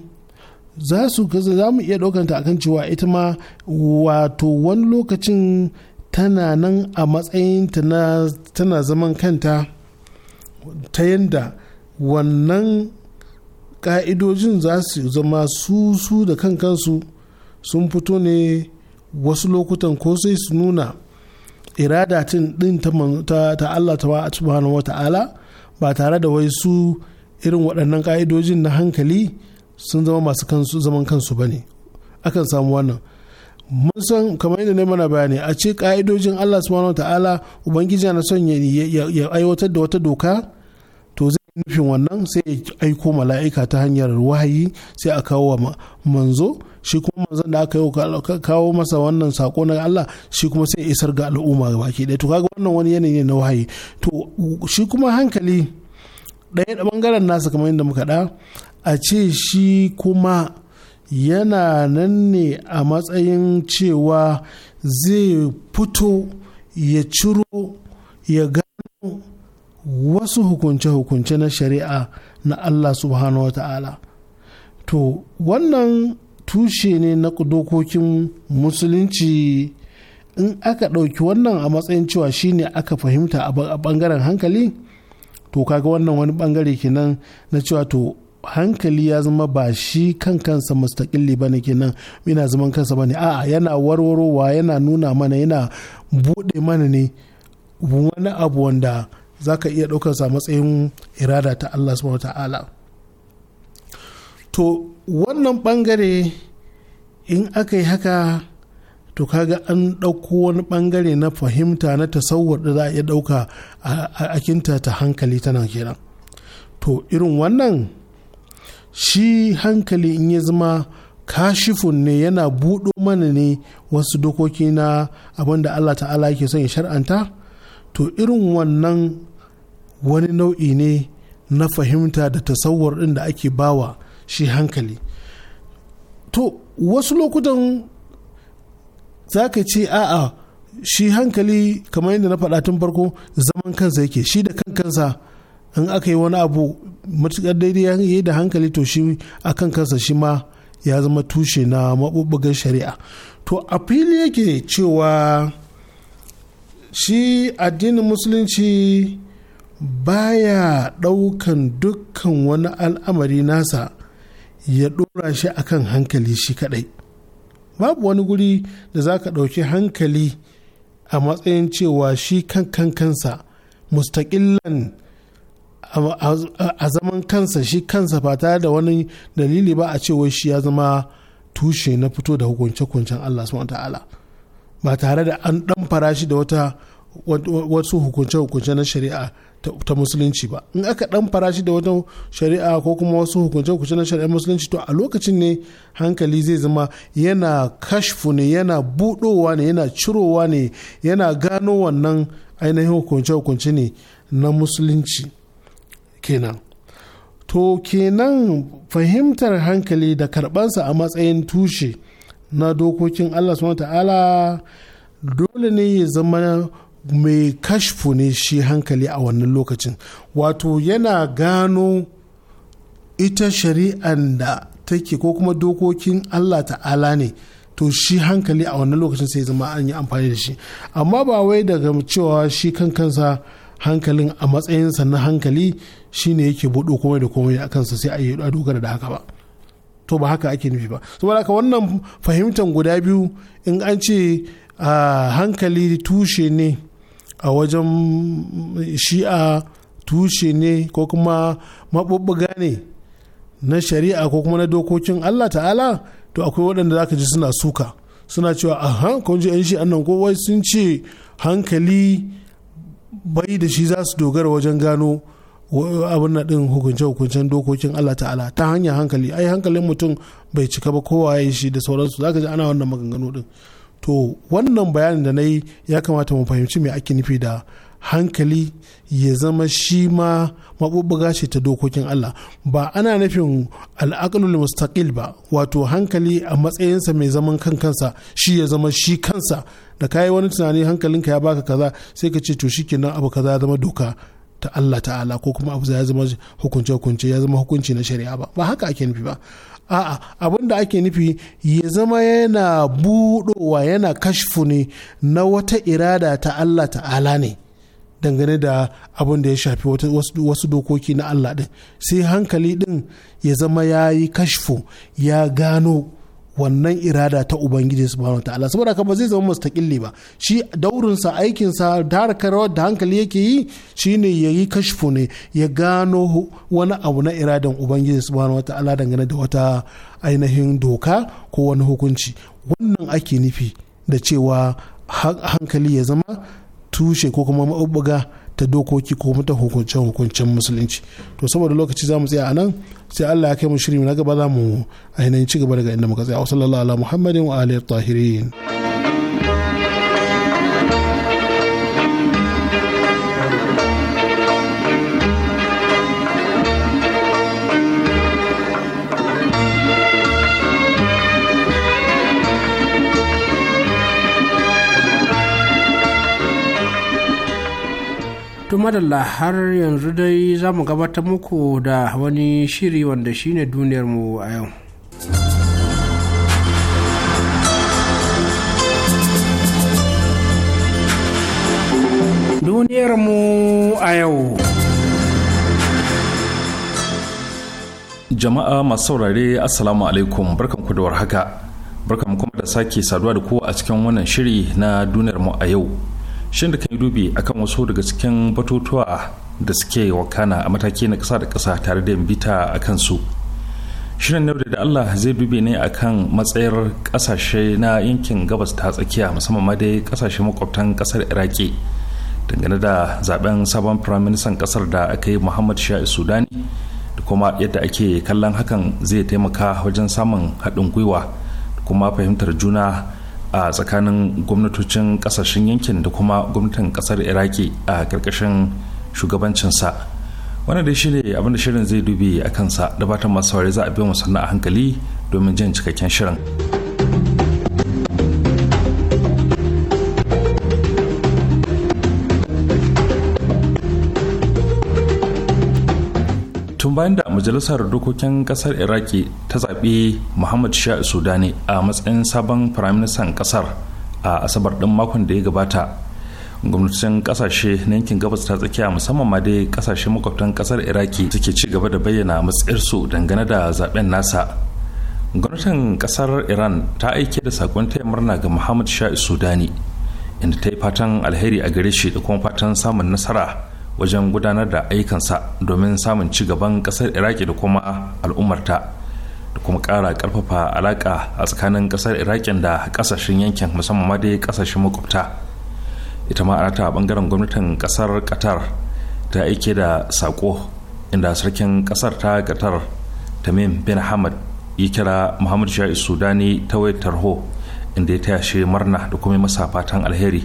za su za mu iya ɗaukanta akan cewa ita ma wato wani lokacin tana nan a matsayin tana zaman kanta ta yadda wannan ka'idojin za su zama su su da kan sun fito ne wasu lokutan ko sai su nuna irada din ta, allah ta Allah wa ta'ala ba tare da wai su irin waɗannan ka'idojin na hankali sun zama masu zaman kansu ba ne akan samu wannan mun san kamar yadda ne mana bayani a ce ka'idojin Allah subhanahu wa ta'ala ubangiji na son ya aiwatar da wata doka to zai nufin wannan sai ya aiko mala'ika ta hanyar wahayi sai a kawo wa manzo shi kuma manzon da aka kawo masa wannan sako na Allah shi kuma sai isar ga al'umma baki ɗaya to kaga wannan wani yanayi ne na wahayi to shi kuma hankali ɗaya da bangaren nasa kamar yadda muka ɗa a ce shi kuma yana nan ne a matsayin cewa zai fito ya ciro ya gano wasu hukunce-hukunce na shari'a na Allah subhanahu wa ta'ala to wannan tushe ne na dokokin musulunci in aka ɗauki wannan a matsayin cewa shine aka fahimta a bangaren hankali to kaga wannan wani bangare kenan na cewa to hankali ya zama ba shi kan kansa mustaƙilli ba ne kenan yana zaman kansa ba ne a'a yana warwarowa yana nuna mana yana buɗe mana ne wani abu wanda za ka iya sa matsayin irada ta Allah subhanahu ta'ala to wannan bangare in aka yi haka to kaga an ɗauko wani ɓangare na fahimta na tasawwar da za a iya ɗauka a ta hankali tana kenan to irin wannan shi hankali in ya zama kashifun ne yana buɗo mana ne wasu dokoki na da Allah ta'ala yake son ya shar'anta to irin wannan wani nau'i ne na fahimta da tasawwar ɗin da ake bawa shi hankali to wasu lokutan za ka ce a'a shi hankali kamar yadda na faɗa tun farko zaman kansa yake shi da kan kansa in aka yi wani abu matuƙar daidai ya yi da hankali to shi akan kansa shi ma ya zama tushe na maɓuɓɓugar shari'a to a fili yake cewa shi addinin musulunci baya ɗaukan dukkan wani al'amari nasa ya ɗora shi a kan hankali shi kaɗai babu wani guri da za ka ɗauki hankali a matsayin cewa shi kan kansa mustaƙillan a zaman kansa shi kansa ba tare da wani dalili ba a cewa shi ya zama tushe na fito da hukunce-hukuncen Allah subhanahu ta'ala ba tare da an dan farashi da wata wasu hukunce-hukunce na shari'a ta musulunci ba in aka dan farashi da wata shari'a ko kuma wasu hukunce-hukunce na shari'a musulunci to a lokacin ne hankali zai zama yana kashfu ne yana budowa ne yana cirowa ne yana gano wannan ainihin hukunce-hukunce ne na musulunci kenan to kenan fahimtar hankali da karbansa a matsayin tushe na dokokin allah subhanahu ta'ala dole ne ya zama mai kashfu ne shi hankali a wannan lokacin wato yana gano ita shari'an da take ko kuma dokokin allah ta'ala ne to shi hankali a wannan lokacin sai zama an yi amfani da shi amma ba wai daga cewa shi kan kansa hankalin a matsayinsa na hankali shine yake buɗo komai da komai a kansa sai a yi a dogara da haka ba to ba haka ake nufi ba saboda haka wannan fahimtar guda biyu in an ce hankali tushe ne a wajen shi'a tushe ne ko kuma maɓuɓɓuga ne na shari'a ko kuma na dokokin Allah ta'ala to akwai waɗanda za ka ji suna suka suna cewa aha kun ji 'yan annan nan ko sun ce hankali bai da shi za su dogara wajen gano abin na ɗin hukunce hukuncen dokokin Allah ta'ala ta hanyar hankali ai hankalin mutum bai cika ba kowa ya shi da sauransu zaka ji ana wannan maganganu ɗin to wannan bayanin da na yi ya kamata mu fahimci mai ake nufi da hankali ya zama shi ma maɓuɓɓuga ce ta dokokin Allah ba ana nufin al'aqlul mustaqil ba wato hankali a matsayinsa mai zaman kan kansa shi ya zama shi kansa da kayi wani tunani hankalinka ya baka kaza sai ka ce to shi shikenan abu kaza ya zama doka ta Allah ta'ala ko kuma abu ya zama hukunce hukunce ya zama hukunci na shari'a ba ba haka ake nufi ba a'a abin da ake nufi ya zama yana budowa yana kashfu ne na wata irada ta Allah ta'ala ne dangane da abin da ya shafi wasu dokoki na Allah din sai hankali din ya zama ya yi kashfu ya gano wannan irada ta ubangiji subhanahu ta'ala saboda haka ba zai zama mustaqilli ba shi daurinsa aikinsa harkar da hankali yake yi shine ya yi kashfu ne ya gano wani abu na iradan ubangiji subhanahu ta'ala dangane da wata ainihin doka ko wani hukunci wannan ake nufi da cewa hankali ya zama tushe ko kuma mabuga ta dokoki ko kuma ta hukunce-hukuncen musulunci to saboda lokaci za mu tsaya a nan sai allah ya kai mu shiri na gaba za mu ainihin ci gaba daga inda muka tsaya wa sallallahu ala muhammadin wa alihi tahirin to madalla har yanzu dai za mu gabatar muku da wani shiri wanda shine duniyarmu a yau duniyarmu a yau jama'a masu saurare assalamu alaikum barkanku da warhaka barkanku kuma da sake saduwa da ku a cikin wannan shiri na duniyarmu a yau shin da kan yi dubi akan wasu daga cikin batutuwa da suke wakana a mataki na ƙasa da kasa tare da bita a kansu shirin yau da allah zai dubi ne akan matsayar ƙasashe na yankin gabas ta tsakiya musamman ma dai ƙasashe makwabtan ƙasar iraki dangane da zaben sabon firaministan ƙasar da aka yi muhammad sha'i sudani da kuma yadda ake kallon hakan zai taimaka wajen samun haɗin gwiwa da kuma fahimtar juna a tsakanin gwamnatocin kasashen yankin da kuma gwamnatin kasar iraki a ƙarƙashin shugabancinsa wannan dai shine abinda shirin zai dubi a kansa da batan masu saurari za a biyo musanna a hankali domin jin cikakken shirin. tun bayan da majalisar dokokin kasar iraki ta zaɓi muhammad sha sudani a matsayin sabon firaministan kasar a asabar ɗin makon da ya gabata gwamnatin kasashe na yankin gabas ta tsakiya musamman ma dai kasashe makwabtan kasar iraki suke ci gaba da bayyana matsayarsu dangane da zaben nasa gwamnatin kasar iran ta aike da sakon taya murna ga muhammad sha sudani inda ta yi fatan alheri a gare shi da kuma fatan samun nasara wajen gudanar da ayyukansa domin samun ci gaban kasar iraki da kuma al'ummarta da kuma ƙara ƙarfafa alaƙa a tsakanin kasar iraki da ƙasashen yankin musamman ma dai ƙasashen makwabta ita ma ta bangaren gwamnatin ƙasar qatar ta aike da saƙo inda sarkin ƙasar ta qatar tamim bin hamad ya kira muhammad sha'i sudani ta wayar tarho inda ya taya shi murna da kuma masa fatan alheri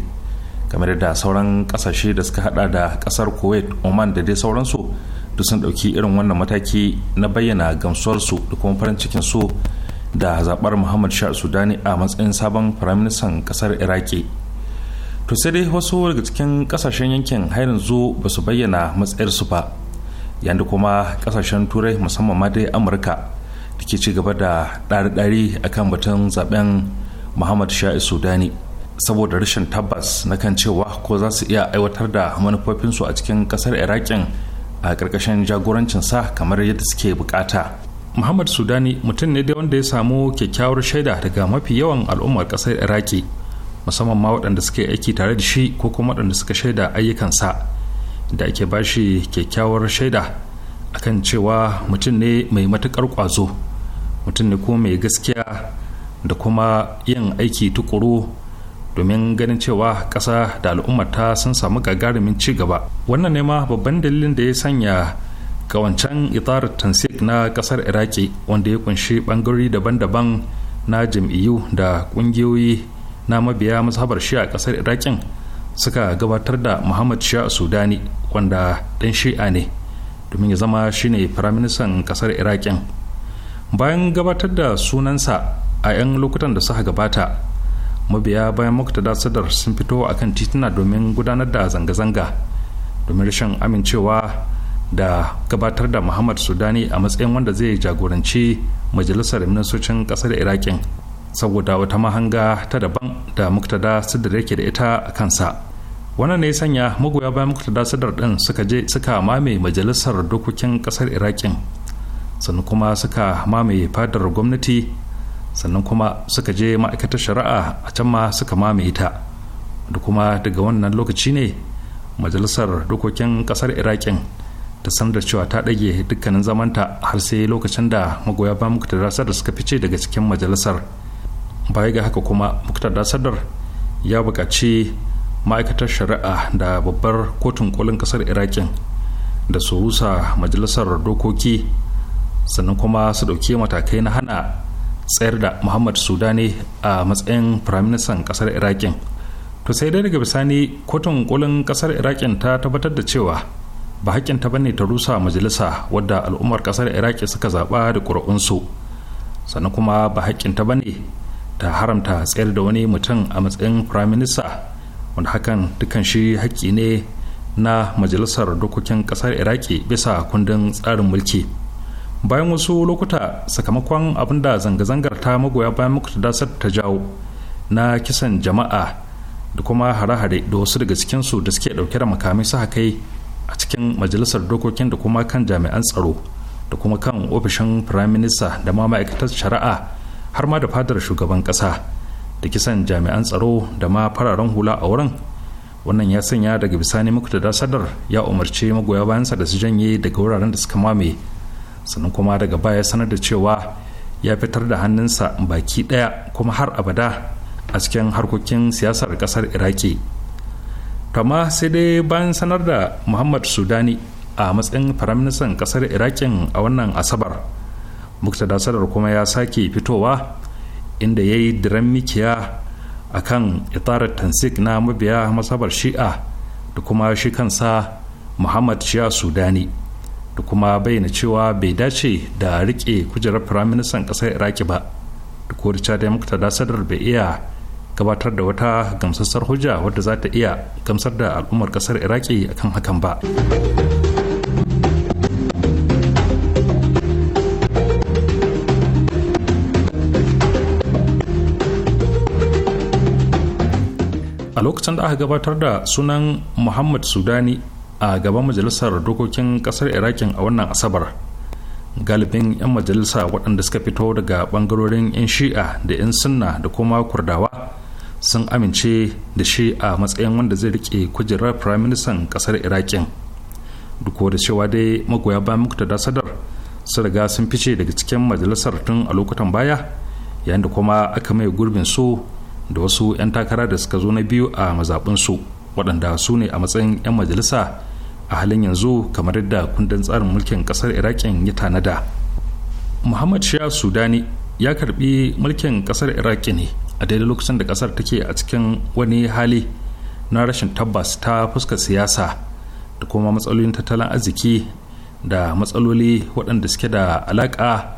kamar da sauran kasashe da suka hada da kasar kuwait oman da dai sauransu duk sun dauki irin wannan mataki na bayyana gamsuwarsu da kuma farin cikin su da zabar muhammad sha sudani a matsayin sabon firaministan kasar iraki to sai dai wasu daga cikin kasashen yankin har yanzu ba su bayyana matsayar su ba yanda kuma kasashen turai musamman ma dai amurka da ke ci gaba da ɗari-ɗari akan batun zaben muhammad sha sudani saboda rashin tabbas na kan cewa ko za su iya aiwatar da manufofinsu a cikin kasar iraƙin a ƙarƙashin jagorancin sa kamar yadda suke bukata muhammad sudani mutum ne dai wanda ya samu kyakkyawar shaida daga mafi yawan al'ummar ƙasar iraki musamman ma waɗanda suke aiki tare da shi ko kuma waɗanda suka shaida ayyukansa da ake ba shi kyakkyawar shaida akan cewa mutum ne mai matuƙar ƙwazo mutum ne ko mai gaskiya da kuma yin aiki tukuru domin ganin cewa ƙasa da al'ummata sun samu gagarumin ci gaba wannan ne ma babban dalilin da ya sanya ga wancan itarar tansik na ƙasar iraki wanda ya kunshi ɓangarori daban-daban na jam'iyyu da ƙungiyoyi na mabiya mazhabar shi a ƙasar irakin suka gabatar da muhammad shi sudani wanda ɗan shi'a ne domin ya zama shine firaministan ƙasar irakin bayan gabatar da sunansa a 'yan lokutan da suka gabata mabiya bayan muktada sadar sun fito a kan tituna domin gudanar da zanga-zanga domin rashin amincewa da gabatar da muhammad sudani a matsayin wanda zai jagoranci majalisar ministocin kasar irakin saboda wata mahanga ta daban da muktada sadar yake da ita a kansa wannan ne sanya magoya bayan muktada sadar din suka je suka mame majalisar dokokin kasar irakin sannan kuma suka mamaye fadar gwamnati sannan kuma suka je ma'aikatar shari'a a can ma suka mamaye ta da kuma daga wannan lokaci ne majalisar dokokin kasar iraƙin ta sanar cewa ta ɗage dukkanin zamanta har sai lokacin da magoya ba muktada sadar suka fice daga cikin majalisar baya ga haka kuma muktada sadar ya buƙaci ma'aikatar shari'a da babbar kotun kolin kasar iraƙin da su rusa majalisar dokoki sannan kuma su ɗauki matakai na hana tsayar da muhammad sudani a matsayin firaministan kasar iraƙin to sai dai daga bisani kotun kulin kasar iraƙin ta tabbatar da cewa ba ta bane ta rusa majalisa wadda al'ummar kasar iraki suka zaɓa da ƙuri'unsu sannan kuma ba ta bane ta haramta tsayar da wani mutum a matsayin firaminista wanda hakan dukan shi haƙƙi ne na majalisar dokokin kasar iraki bisa kundin tsarin mulki bayan wasu lokuta sakamakon abin da zanga-zangar ta magoya bayan muktadasar ta jawo na kisan jama'a da kuma hare-hare da wasu daga cikinsu da suke dauke da makamai su kai a cikin majalisar dokokin da kuma kan jami'an tsaro da kuma kan ofishin firayim minista da ma ma'aikatar shari'a har ma da fadar shugaban kasa da kisan jami'an tsaro da ma fararen hula a wurin wannan ya sanya daga bisani muku da sadar ya umarci magoya bayansa da su janye daga wuraren da suka mame sannan kuma daga baya sanar da cewa ya fitar da hannunsa baki daya kuma har abada a cikin harkokin siyasar kasar iraki kama sai dai bayan sanar da muhammad sudani a matsayin firaministan kasar irakin a wannan asabar muktada sadar kuma ya sake fitowa inda ya yi diran mikiya a kan itarar tansik na mabiya masabar shi'a da kuma shi kansa muhammad shi'a sudani da kuma bayyana cewa bai dace da rike kujerar firaministan ƙasar iraki ba da ko richard ya da sadar bai iya gabatar da wata gamsassar hujja wadda za ta iya gamsar da al'ummar ƙasar iraki akan hakan ba a lokacin da aka gabatar da sunan muhammad sudani a gaban majalisar dokokin kasar irakin a wannan asabar galibin 'yan majalisa waɗanda suka fito daga ɓangarorin 'yan shi'a da 'yan sunna da kuma kurdawa sun amince da shi a matsayin wanda zai rike kujerar firaministan kasar irakin duk da cewa dai magoya ba muktada sadar su riga sun fice daga cikin majalisar tun a lokutan baya yayin da kuma aka mai gurbin su da wasu 'yan takara da suka zo na biyu a mazaɓinsu waɗanda su ne a matsayin 'yan majalisa a halin yanzu kamar yadda kundin tsarin mulkin kasar iraƙin ya tanada muhammad shia sudani ya karbi mulkin kasar iraqi ne a daidai lokacin da kasar take a cikin wani hali na rashin tabbas ta fuska siyasa da kuma matsalolin tattalin arziki da matsaloli waɗanda suke da alaƙa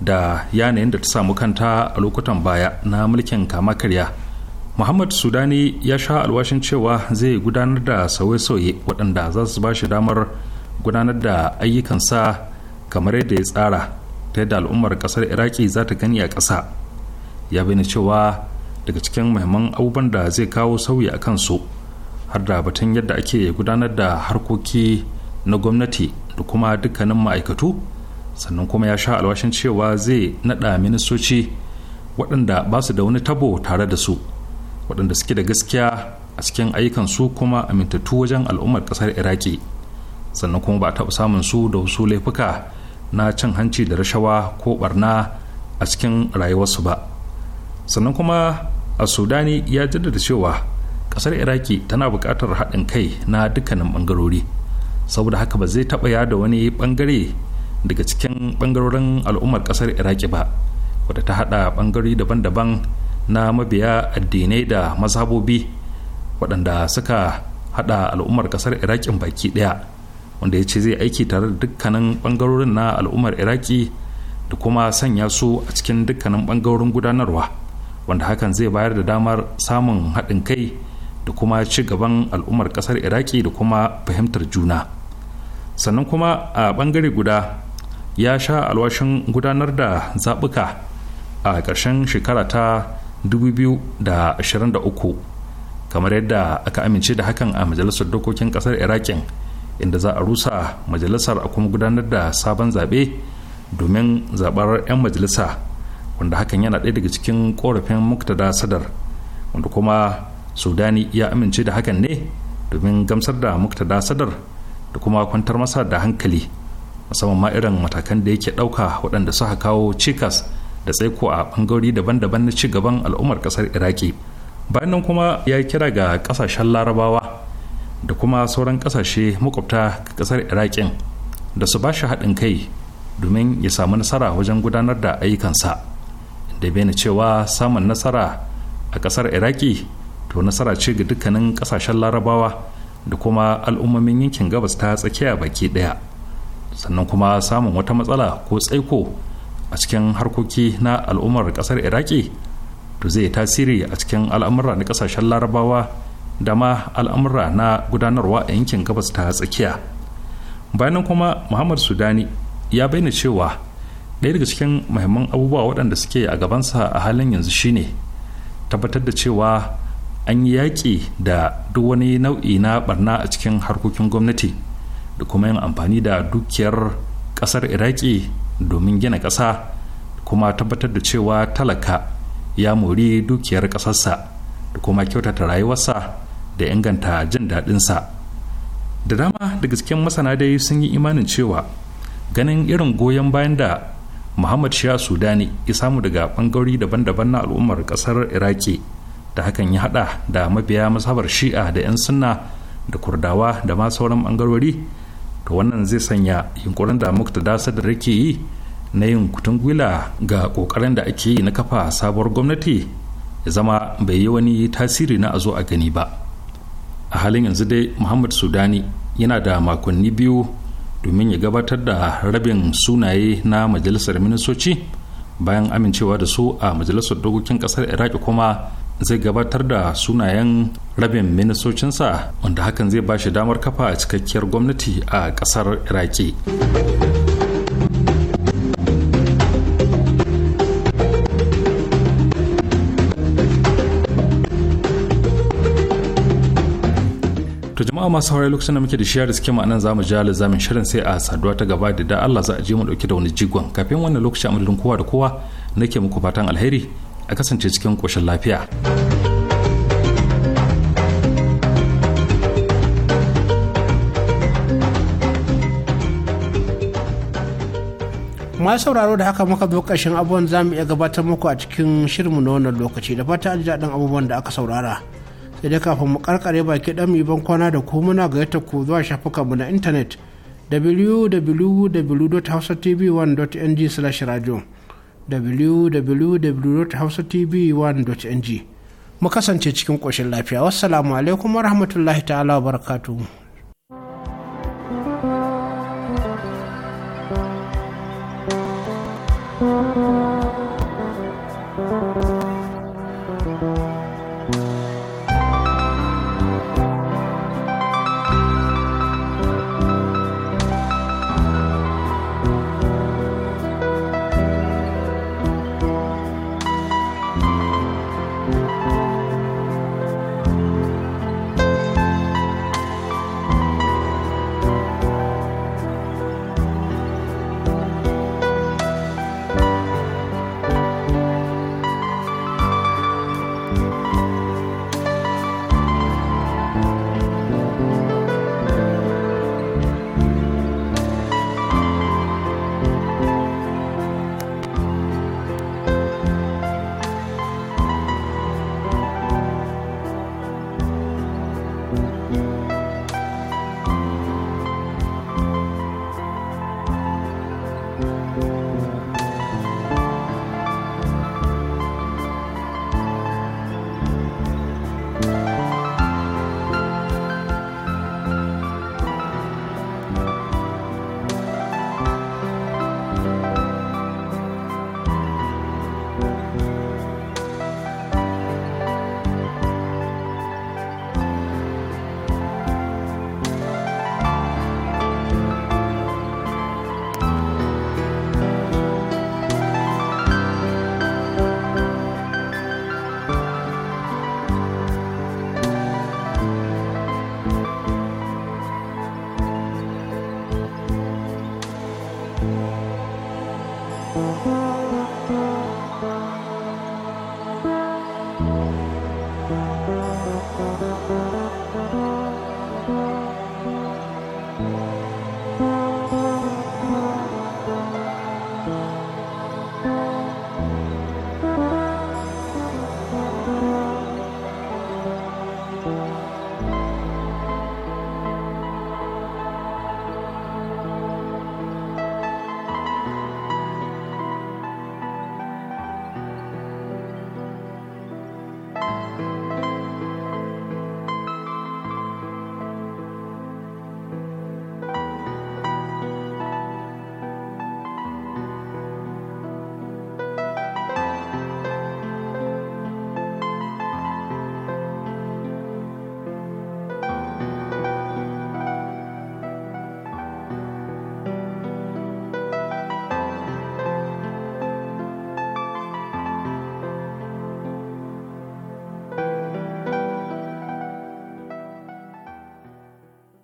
da yanayin da ta samu kanta a lokutan baya na mulkin kama karya muhammad sudani ya sha alwashin cewa zai gudanar da sauye-sauye waɗanda za su ba shi damar gudanar da ayyukansa kamar yadda ya tsara ta yadda al'ummar ƙasar iraki za ta gani a ƙasa ya bayyana cewa daga cikin muhimman abubuwan da zai kawo sauyi a kansu har da batun yadda ake gudanar da harkoki na gwamnati da kuma dukkanin ma'aikatu sannan kuma ya sha alwashin cewa zai naɗa ministoci waɗanda ba su da wani tabo tare da su waɗanda suke da gaskiya a cikin ayyukan su kuma amintattu wajen al'ummar ƙasar iraki sannan kuma ba taɓa samun su da wasu laifuka na cin hanci da rashawa ko ɓarna a cikin rayuwarsu ba sannan kuma a sudani ya jaddada cewa ƙasar iraki tana buƙatar haɗin kai na dukkanin ɓangarori saboda haka ba zai taɓa da wani ɓangare daga cikin ɓangarorin al'ummar ƙasar iraki ba wadda ta haɗa ɓangare daban-daban na mabiya addinai da mazhabobi waɗanda suka haɗa al'ummar ƙasar iraƙin baki ɗaya wanda ya ce zai aiki tare da dukkanin ɓangarorin na al'ummar iraƙi da kuma sanya su a cikin dukkanin ɓangarorin gudanarwa wanda hakan zai bayar da damar samun haɗin kai da kuma ci gaban al'ummar ƙasar iraki da kuma fahimtar juna sannan kuma a ɓangare guda ya sha alwashin gudanar da zaɓuka a ƙarshen shekara ta 2023 kamar yadda aka amince da hakan a majalisar dokokin kasar irakin inda za a rusa majalisar a kuma gudanar da sabon zaɓe domin zaɓar 'yan majalisa wanda hakan yana ɗaya daga cikin korafin muktada sadar wanda kuma sudani ya amince da hakan ne domin gamsar da muktada sadar da kuma kwantar masa da hankali musamman ma irin matakan da yake ɗauka waɗanda suka kawo cikas da tsaiko a bangarori daban-daban na ci gaban al'ummar kasar iraki bayan nan kuma ya kira ga kasashen larabawa da kuma sauran kasashe makwabta kasar irakin da su ba shi haɗin kai domin ya samu nasara wajen gudanar da ayyukansa da bai cewa samun nasara a kasar iraki to nasara ce ga dukkanin kasashen larabawa da kuma al'ummomin yankin gabas ta tsakiya baki ɗaya sannan kuma samun wata matsala ko tsaiko a cikin harkoki na al'ummar kasar iraki to zai tasiri a cikin al'amura na kasashen larabawa da ma al'amura na gudanarwa a yankin gabas ta tsakiya bayanan kuma muhammad sudani ya bayyana cewa ɗaya daga cikin mahimman abubuwa waɗanda suke a gabansa a halin yanzu shine tabbatar da cewa an yi yaƙi da duk wani nau'i na barna a cikin harkokin gwamnati da kuma yin amfani da dukiyar ƙasar iraki domin gina ƙasa kuma tabbatar da cewa talaka ya mori dukiyar ƙasarsa da kuma kyautata rayuwarsa da inganta jin daɗinsa da dama daga cikin masana dai sun yi imanin cewa ganin irin goyon bayan da muhammad shia sudani ya samu daga ɓangarori daban-daban na al'ummar ƙasar iraki da hakan ya haɗa da mabiya masabar shi'a da 'yan sunna da kurdawa da ma sauran ɓangarori to wannan zai sanya yunkurin da dasa da yake yi na yin kutun gwila ga kokarin da ake yi na kafa sabuwar gwamnati ya zama bai yi wani tasiri na a zo a gani ba a halin yanzu dai muhammad sudani yana da makonni biyu domin ya gabatar da rabin sunaye na majalisar ministoci bayan amincewa da su a majalisar dokokin kasar iraki kuma zai gabatar da sunayen rabin ministocinsa wanda hakan zai ba shi damar kafa a cikakkiyar gwamnati a kasar iraki to jama'a masu hawaye lokacin da muke da shiyar suke ma'anan zamu ji lizamin shirin sai a saduwa ta gaba da da Allah za a je mu dauki da wani jigon kafin wannan lokacin madadin kowa da kowa nake muku fatan alheri a kasance cikin koshin lafiya. masu sauraro da haka muka zo ƙarshen abubuwan za mu iya gabatar muku a cikin shirinmu na wannan lokaci da fata an ji daɗin abubuwan da aka saurara sai dai kafin mu karkare baki ɗan mu ban kwana da ku muna gayyata ku zuwa shafukanmu na intanet www.hausatv1.ng/radio www.hausatv1.ng mu kasance cikin ƙoshin lafiya wassalamu alaikum warahmatullahi ta'ala wa barakatuhu